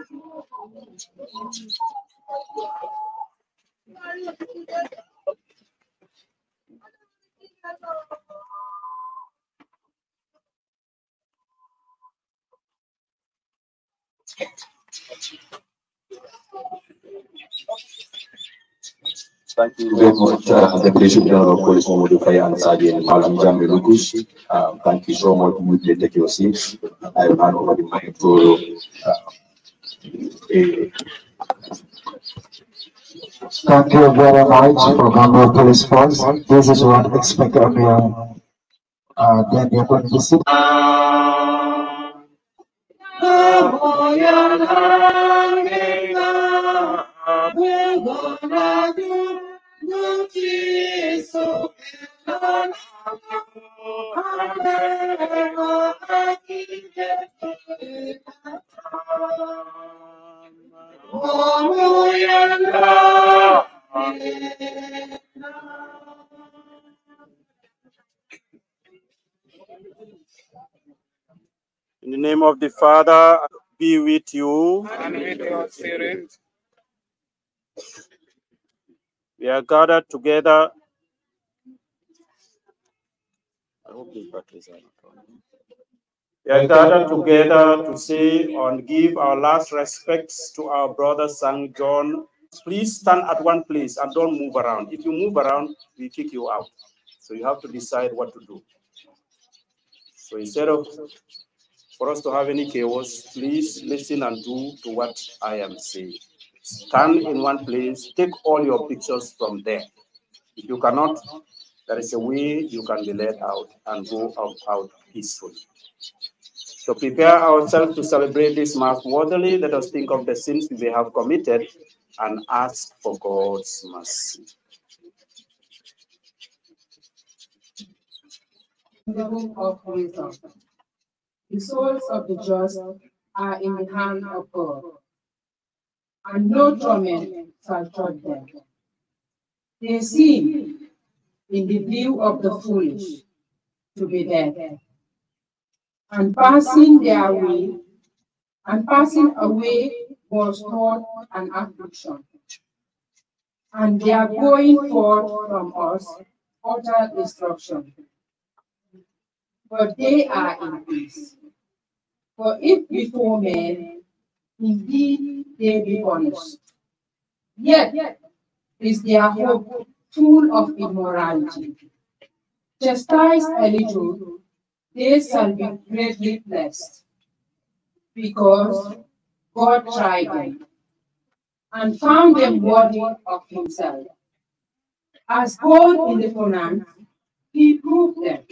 Thank you very much, uh, Deputy General of Police Momodu Faya and Sergeant Malam Jambi thank you so much, Mutile Tekiosi. I will hand over the mic to uh, Thank you very much for Bangor Police Force. This is what expect of your uh, then you're going to sit. In the name of the Father, be with you. And with your spirit. We are gathered together I hope these batteries are not on. We are gathered together to say and give our last respects to our brother St. John. Please stand at one place and don't move around. If you move around, we kick you out. So you have to decide what to do. So instead of for us to have any chaos, please listen and do to what I am saying. Stand in one place, take all your pictures from there. If you cannot, there is a way you can be let out and go out, out peacefully. To prepare ourselves to celebrate this Mass worthily, let us think of the sins we have committed and ask for God's mercy. of wisdom. The souls of the just are in the hand of God, and no torment shall touch them. They see in the view of the foolish to be dead, and passing their way, and passing away was not an affliction, and their going forth from us utter destruction. But they are in peace. For if before men, indeed they be punished, yet is their hope full of immorality. Chastised a little, they shall be greatly blessed, because God tried them and found them worthy of himself. As God in the Conan, he proved them.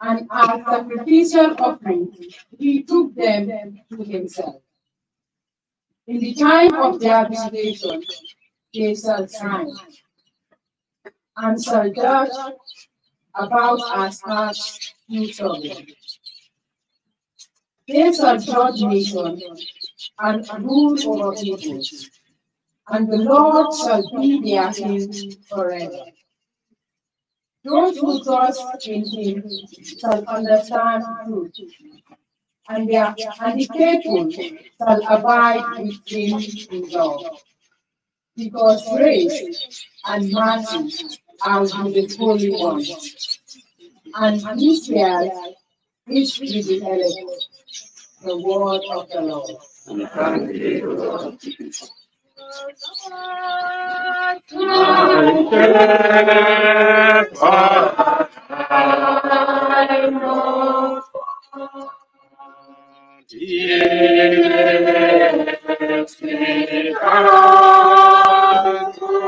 And as sacrificial offering, he took them to himself. In the time of their visitation, Jesus' name. And so judge about us as mutually. These are judge nation and rule over people, and the Lord shall be their king forever. Those who trust in him shall understand truth, and, their, and the faithful shall abide with him in love because grace and mercy are with the Holy One, and Israel is with the the word of the Lord.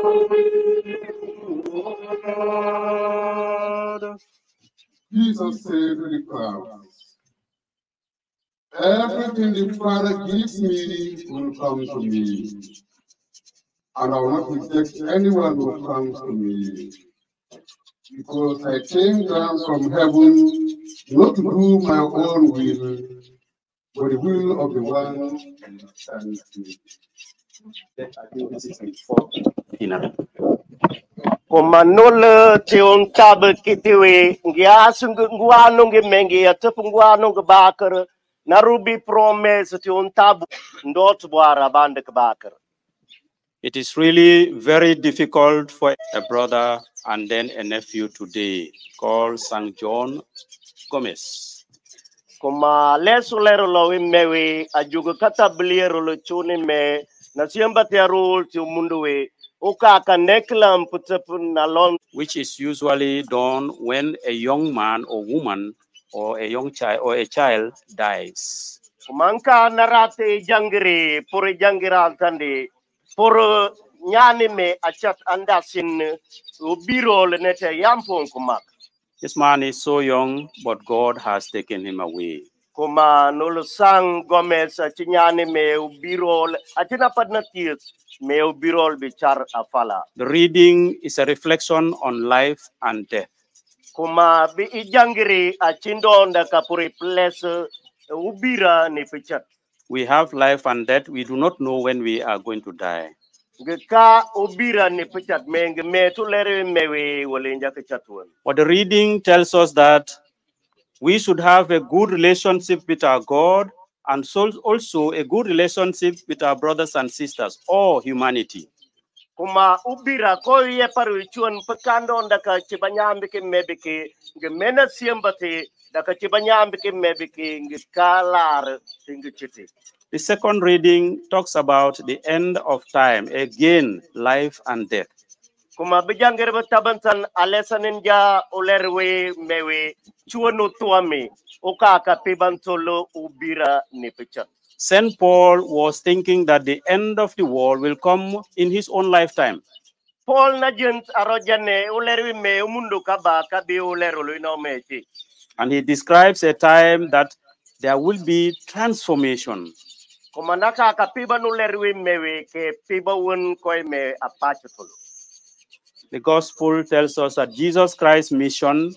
Jesus said to the crowds, Everything the Father gives me will come to me, and I will not reject anyone who comes to me, because I came down from heaven not to do my own will, but the will of the one who sent me. I think this is important. Filipina. Komanola tiun tabe kitiwe ngiasungu nguano ngemengi atupu nguano ngebakar narubi promise tiun tabu ndot bwara bande It is really very difficult for a brother and then a nephew today called St. John Gomez. Kuma lesulero lo imewe ajugo kata bliero lo chuni me na siamba tiarul tiumunduwe which is usually done when a young man or woman or a young child or a child dies. Manka narate jangira nyani me achat andasin ubiro lenete yampon kumak. This man is so young, but God has taken him away. Gomez birol na birol the reading is a reflection on life and death bi kapuri ni pichat we have life and death we do not know when we are going to die what the reading tells us that we should have a good relationship with our God and so also a good relationship with our brothers and sisters, all humanity. kuma ubira paru chuan pakando mebiki mena mebiki kalar chiti the second reading talks about the end of time again life and death kuma bijangir bi tabantan alesanin ja ulerwe mewe chuonu tuami ukaka pibantolo ubira nipichan. St. Paul was thinking that the end of the world will come in his own lifetime. Paul najent arojane ulerwi me umundu kaba kabi ulerulu inometi. And he describes a time that there will be transformation. Kumanaka kapiba nulerwi mewe ke piba wun koi me apachutulu the gospel tells us that Jesus Christ's mission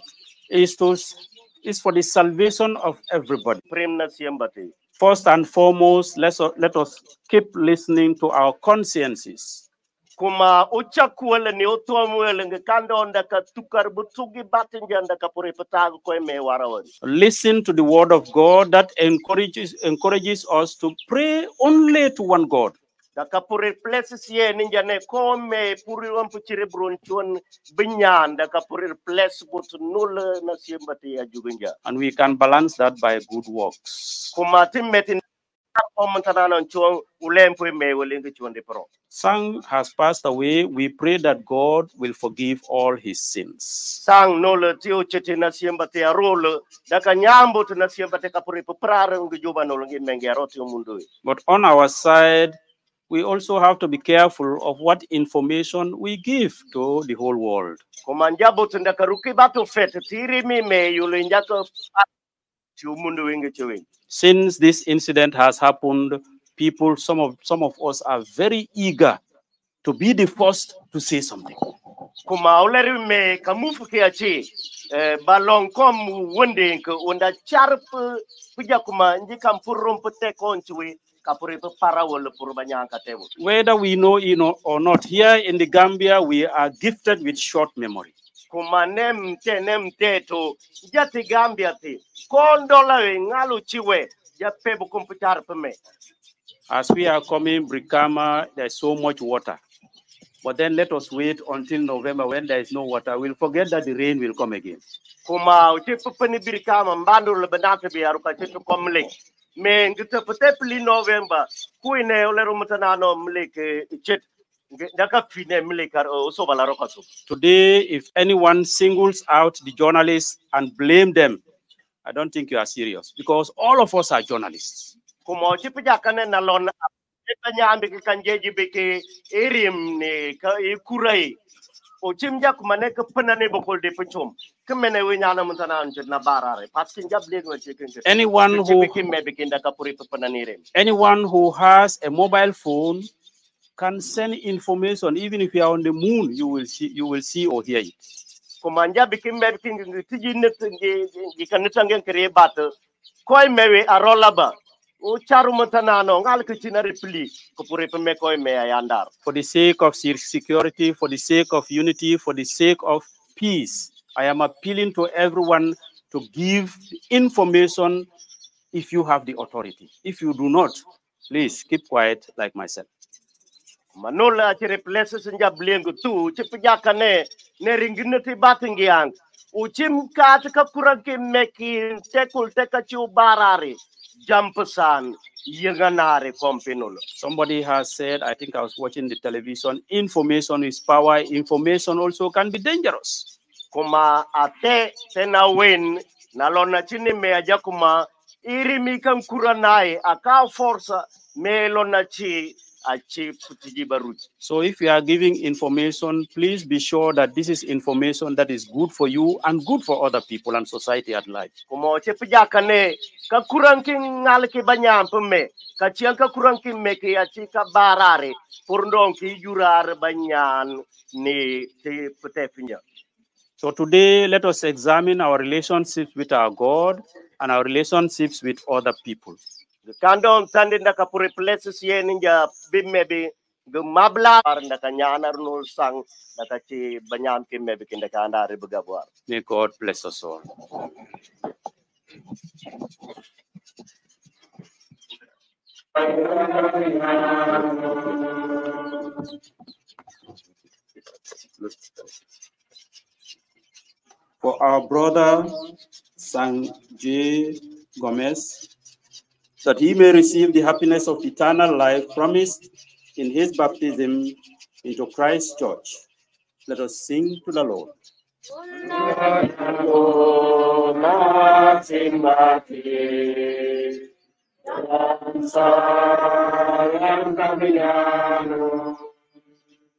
is to is for the salvation of everybody. First and foremost, let's, let us keep listening to our consciences. Listen to the word of God that encourages encourages us to pray only to one God daga puri places ye ninja ne kome puri on puchiri brun chun binyan daga puri place but nul na simbati ya juginja and we can balance that by good works kuma timmetin Sang has passed away. We pray that God will forgive all his sins. Sang nolo tiu chete na siemba te arolo daka nyambo tu na siemba te kapuri puprara ngujuba nolo ngi mengi aroti umundui. But on our side, we also have to be careful of what information we give to the whole world. Since this incident has happened, people, some of some of us are very eager to be the first to say something. Whether we know it or not, here in the Gambia, we are gifted with short memory. As we are coming, Brikama, there's so much water. But then let us wait until November when there is no water. We'll forget that the rain will come again. Kuma birika mambando komle. Me November kuine chet. Uh, Today, if anyone singles out the journalists and blame them, I don't think you are serious because all of us are journalists kanjeji ka o chimja ka bokol de pchom we nyana na barare jab le chikin anyone who anyone who has a mobile phone can send information even if you are on the moon you will see you will see or hear it kumanja bikin me bikin net kre bat koy mewe arolaba for the sake of security, for the sake of unity, for the sake of peace, I am appealing to everyone to give information if you have the authority. If you do not, please keep quiet like myself. Manola ci replace sa njab lengu tu ci pjaka ne ne ringina ti batingiang u chim ka ta ka kuran ki mekin tekul te ka ci barari Jampasan Yeganare Kompenolo. Somebody has said, I think I was watching the television, information is power, information also can be dangerous. Kuma ate tena wen nalona chini meja kuma iri mikan kuranai aka forsa melona chi so if you are giving information, please be sure that this is information that is good for you and good for other people and society at large. So today, let us examine our relationships with our God and our relationships with other people. kandon tande ndaka pour plesu siye ninja bimme bi gumabla ar ndaka nyanar runul sang ndaka ci banyam kim mebi kinda kana re buga war may god bless For our brother Sanjay Gomez, that he may receive the happiness of eternal life promised in his baptism into Christ's church. Let us sing to the Lord.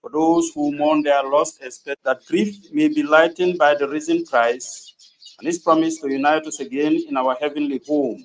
For those who mourn their lost expect that grief may be lightened by the risen Christ and his promise to unite us again in our heavenly home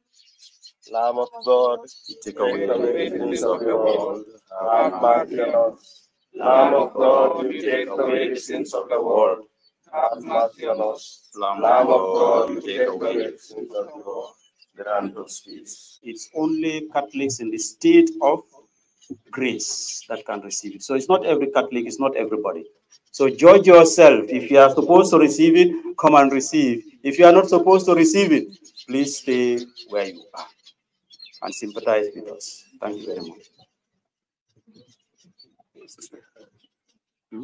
Lamb of God, you take away the sins of the world. Have mercy on us. Lamb of God, you take away the sins of the world. Have mercy on us. Lamb of God, you take away the sins of the world. Grant us peace. It's only Catholics in the state of grace that can receive it. So it's not every Catholic, it's not everybody. So judge yourself. If you are supposed to receive it, come and receive. If you are not supposed to receive it, please stay where you are and sympathize with us. Thank you very much. Hmm?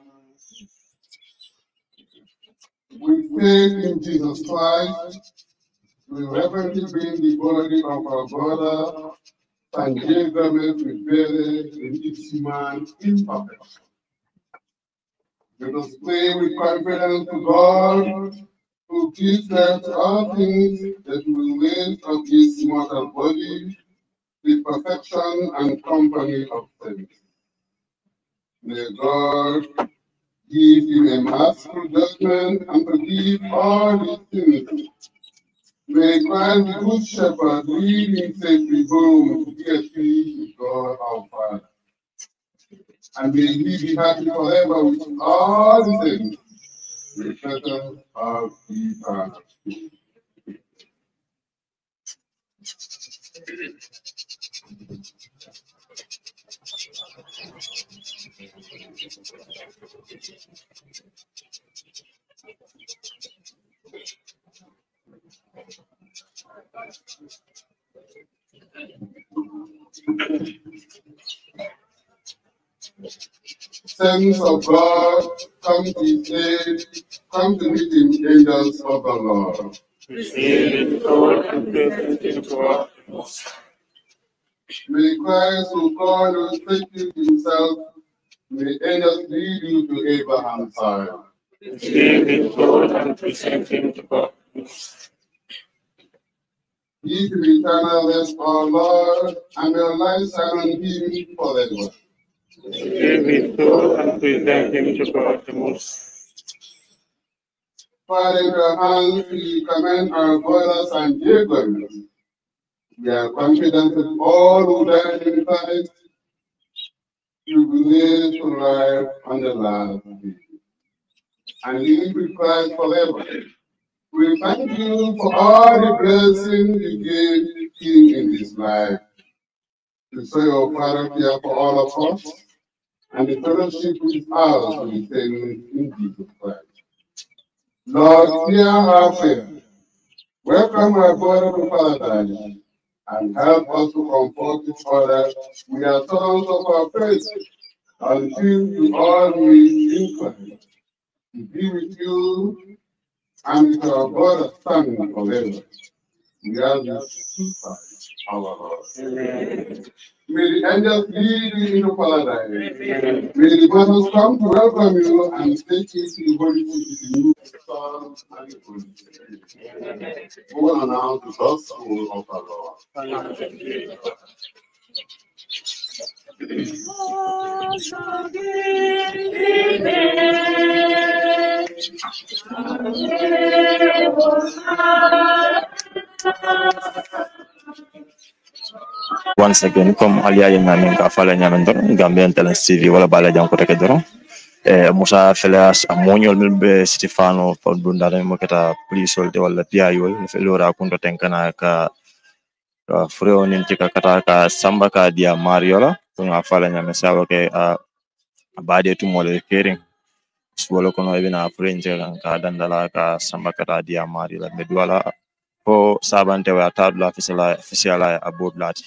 We faith in Jesus Christ, we reverently bring the body of our brother and give them with buried in its human imperfection. Let us pray with confidence to God, who gives us all things that will live of his mortal body, the perfection and company of saints. May God give him a merciful judgment and forgive all his sins. May Christ the Good Shepherd lead him safely home to be at peace with God our Father. And may he be happy forever with all the things the shelter of the Father. Thank you. Sons of God, come to aid, come to meet the angels of the Lord. May Christ who called us take himself the angels lead you to Abraham's side. Receive his Lord and present him to God. He to eternal rest, our Lord, and your lives are on him forever. Receive his soul and present him to God Father Abraham, we commend our brothers and dear We are confident that all who died in Christ you live for life under love and live with Christ forever. We thank you for all the blessings you gave King in this life. We say your oh, Father here for all of us and the fellowship is ours to be in Jesus Christ. Lord, hear our prayer. Welcome our brother to paradise and help us to comfort each other We are sons of our faith until you all reach inquiry to be with you and with our brother standing forever. We are the super. May the angels lead you into paradise. Amen. May the brothers come to welcome you and take you to the Holy Spirit, the new Son, and the Holy Spirit. Go and announce the gospel of our Lord. Amen. Amen. one second comme hali ya nga min ka fala nya men don gambian talent tv wala bala jang ko teke doron e eh, musa felas amonyol mil be stefano fa dunda mo keta polisol de wala piayol ne felora kunto tenkana ka freo nin tika kata ka samba ka dia mariola to nga fala nya sawo ke a baade tu mole kering wala kono ebina frenje kan ka dandala ka samba kata dia mariola be duala fo sabante wa tadula official official abord lati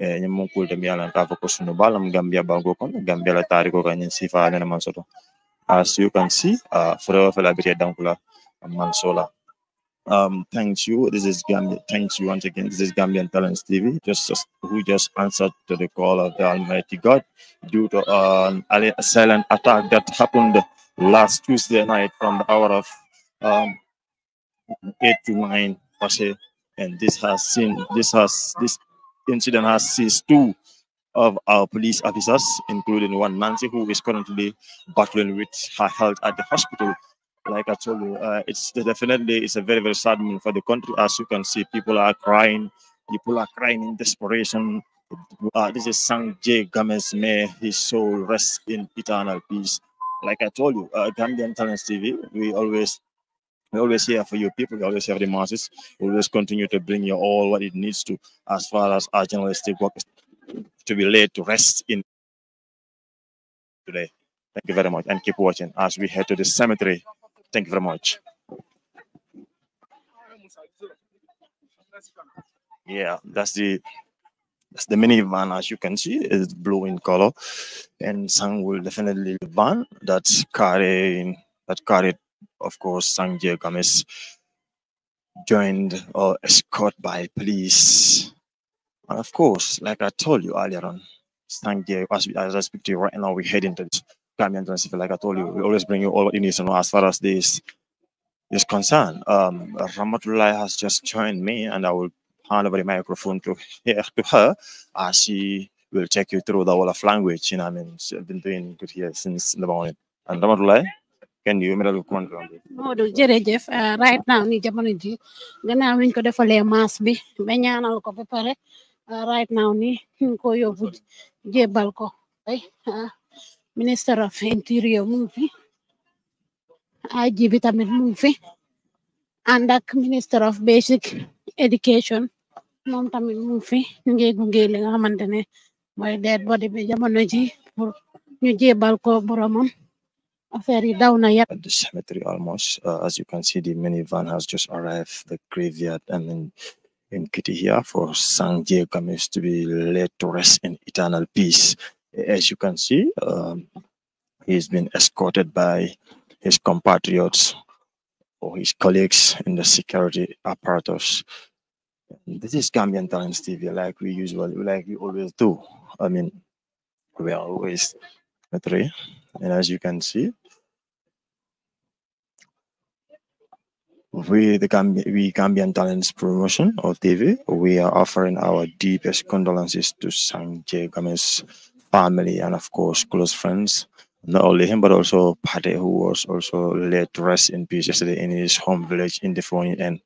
e nyum ko de mi ala ka ko sunu balam gambia bango kon gambia la tariko ka nyen sifa nana man soto as you can see uh frewa fela bitia dankula man sola um thanks you this is gambia thanks you once again this is gambian talents tv just, just who just answered to the call of the almighty god due to an um, a silent attack that happened last tuesday night from the hour of um 8 to 9 and this has seen this has this incident has seized two of our police officers, including one Nancy, who is currently battling with her health at the hospital. Like I told you, uh, it's definitely it's a very very sad moment for the country. As you can see, people are crying. People are crying in desperation. Uh, this is San J. Gomez. May his soul rest in eternal peace. Like I told you, uh, Gambian Talents TV, we always we're always here for you people. We always have the masses. We always continue to bring you all what it needs to as far as our journalistic work to be laid to rest in today. Thank you very much and keep watching as we head to the cemetery. Thank you very much. Yeah, that's the that's the minivan as you can see it's blue in color and some will definitely van that carrying that carried of course, Sanjay Gomez, joined or escorted by police. And of course, like I told you earlier on, Sanjay, as, as I speak to you right now, we're heading to the Transfer. Like I told you, we always bring you all you need to know as far as this is concerned. Um, Ramatullah has just joined me, and I will hand over the microphone to, to her as she will take you through the wall of language. You know, I mean, she's been doing good here since the morning. And Ramatullah? can you meral ko euh, right now ni jamono ji gannaaw niñ ko defalee maas bi ba ñaanal ko ba pare euh, right now ni ko yóbbu jébal ko ay euh, of interior mu fi aji bi tamit mu ngi fi ànd ak of basic education moom tamit mu fi ñu ngi gunge li nga xamante ne mooy dead body bi jamono ji pour ñu jébal ko boromam At The cemetery almost, uh, as you can see, the minivan has just arrived, the graveyard, and then in Kitty here for San Diego is to be laid to rest in eternal peace. As you can see, um, he's been escorted by his compatriots or his colleagues in the security apparatus. This is Gambian Times TV, like we usually, like we always do. I mean, we are always three, and as you can see, We the we Gambian Talents Promotion of TV, we are offering our deepest condolences to Sanjay Gomez's family and of course close friends. Not only him, but also Pate, who was also laid to rest in peace yesterday in his home village in the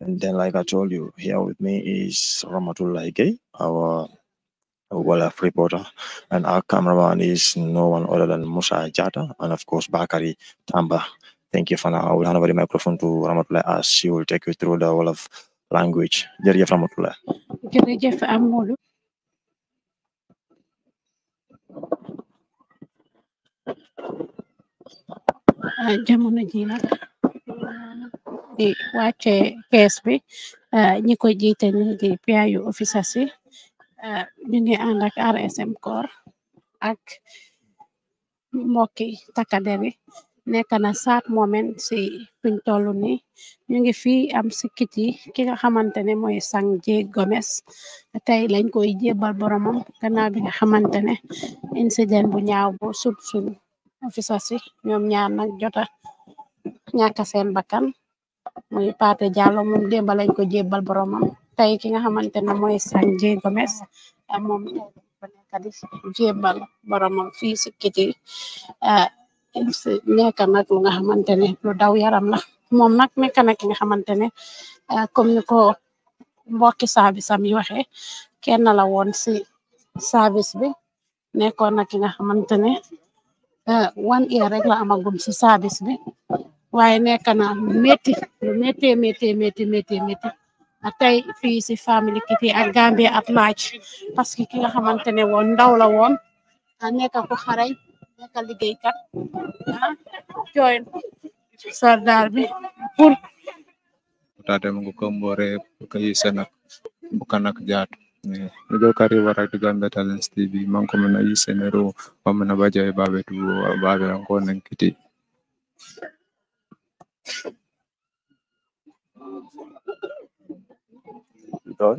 And then, like I told you, here with me is Ramatullah Gay, our Wallaf reporter, and our cameraman is no one other than Musa Jata, and of course Bakari Tamba. Thank you, Fana. I will hand over the microphone to Ramatullah as ah, she will take you through the world of language. Jërëjëf Ramatullah. Jërëjëf Amolu. jamono ji nag di wàcce kees bi ñi ko jiite ni di PIU officers yi ñu ngi ànd ak RSM corps ak mbokki takkader nekk na saat moomen si fiñ tollu ni ñu ngi fi am si kit yi ki nga xamantene mooy Sang J Gomez tey lañ koy jébal boromam gannaaw bi nga xamantene incident bu ñaaw bu sut suñ officer si ñoom ñaar nag jota ñàkk seen bakkan muy Paate Jallo moom démba lañ ko jébal boromam tey ki nga mooy Sang J Gomez moom nekk di jébal boromam fii si kit yi nekk nag lu nga xamante ne lu daw yaram la moom nag nekk na ki nga xamante ne ah, comme ni ko mbokki service am yi waxe kenn la woon si service bi nekkoon na ki nga xamante ne ah, one year rek la amagum ci service bi waaye nekk na métti lu métti métti métti métti métti ah, tey fii ci family kiti ak Gambia at large parce que ki nga xamante ne woon ndaw la woon nekk ku xarañ nekkal liggéeykat nah, join sardaar bi pour utade mungu kombore ka yisenak bukanak jaatu ejo kari waragde gambe talent tv manko mena yisenero wamana baja e ya, babe tu babe anko nankiti Don.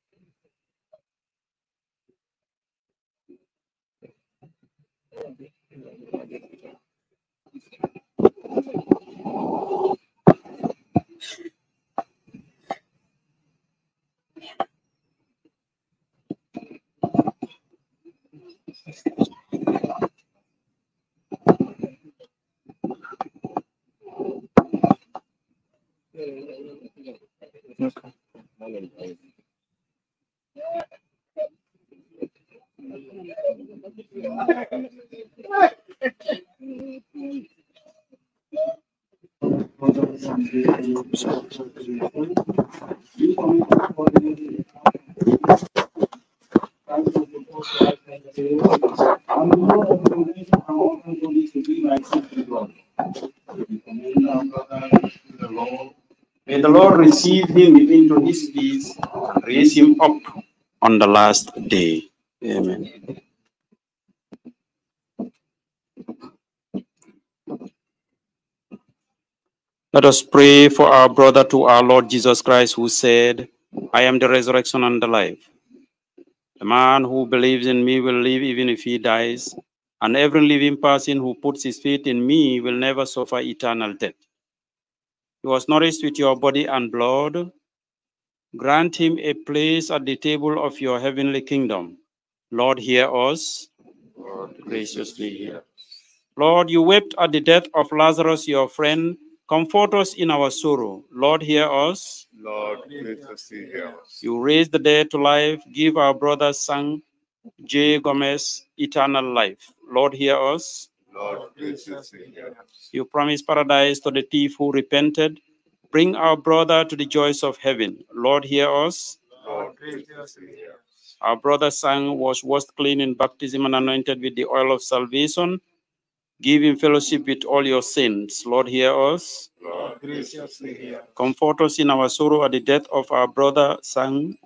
Thank you. receive him into his peace and raise him up on the last day. Amen. Let us pray for our brother to our Lord Jesus Christ, who said, I am the resurrection and the life. The man who believes in me will live even if he dies, and every living person who puts his faith in me will never suffer eternal death. He was nourished with your body and blood. Grant him a place at the table of your heavenly kingdom. Lord, hear us. Lord, graciously hear. Lord, you wept at the death of Lazarus, your friend. Comfort us in our sorrow. Lord, hear us. Lord, graciously hear us. You raised the dead to life. Give our brother, son J. Gomez, eternal life. Lord, hear us. Lord, please You promised paradise to the thief who repented. Bring our brother to the joys of heaven. Lord, hear us. Lord, please Our brother Sang was washed clean in baptism and anointed with the oil of salvation. Give him fellowship with all your saints. Lord, hear us. Lord, graciously hear. Comfort us in our sorrow at the death of our brother, son.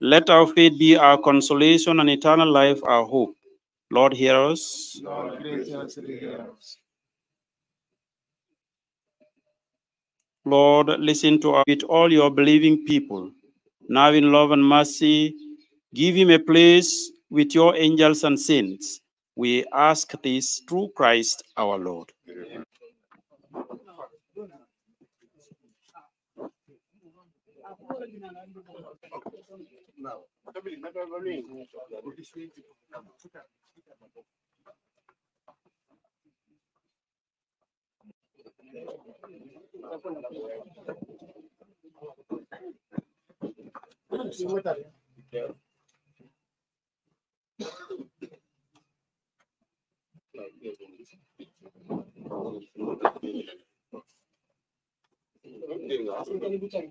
Let our faith be our consolation and eternal life our hope. Lord, hear us. Lord, Lord, listen to us with all your believing people. Now, in love and mercy, give him a place with your angels and saints. We ask this through Christ our Lord. Amen. Terima kasih telah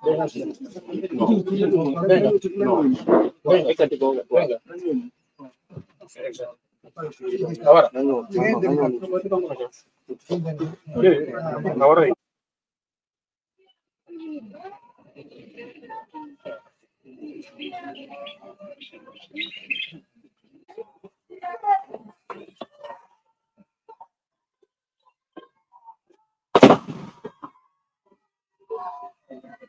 Venga, no. Venga, no. Venga, Thank you.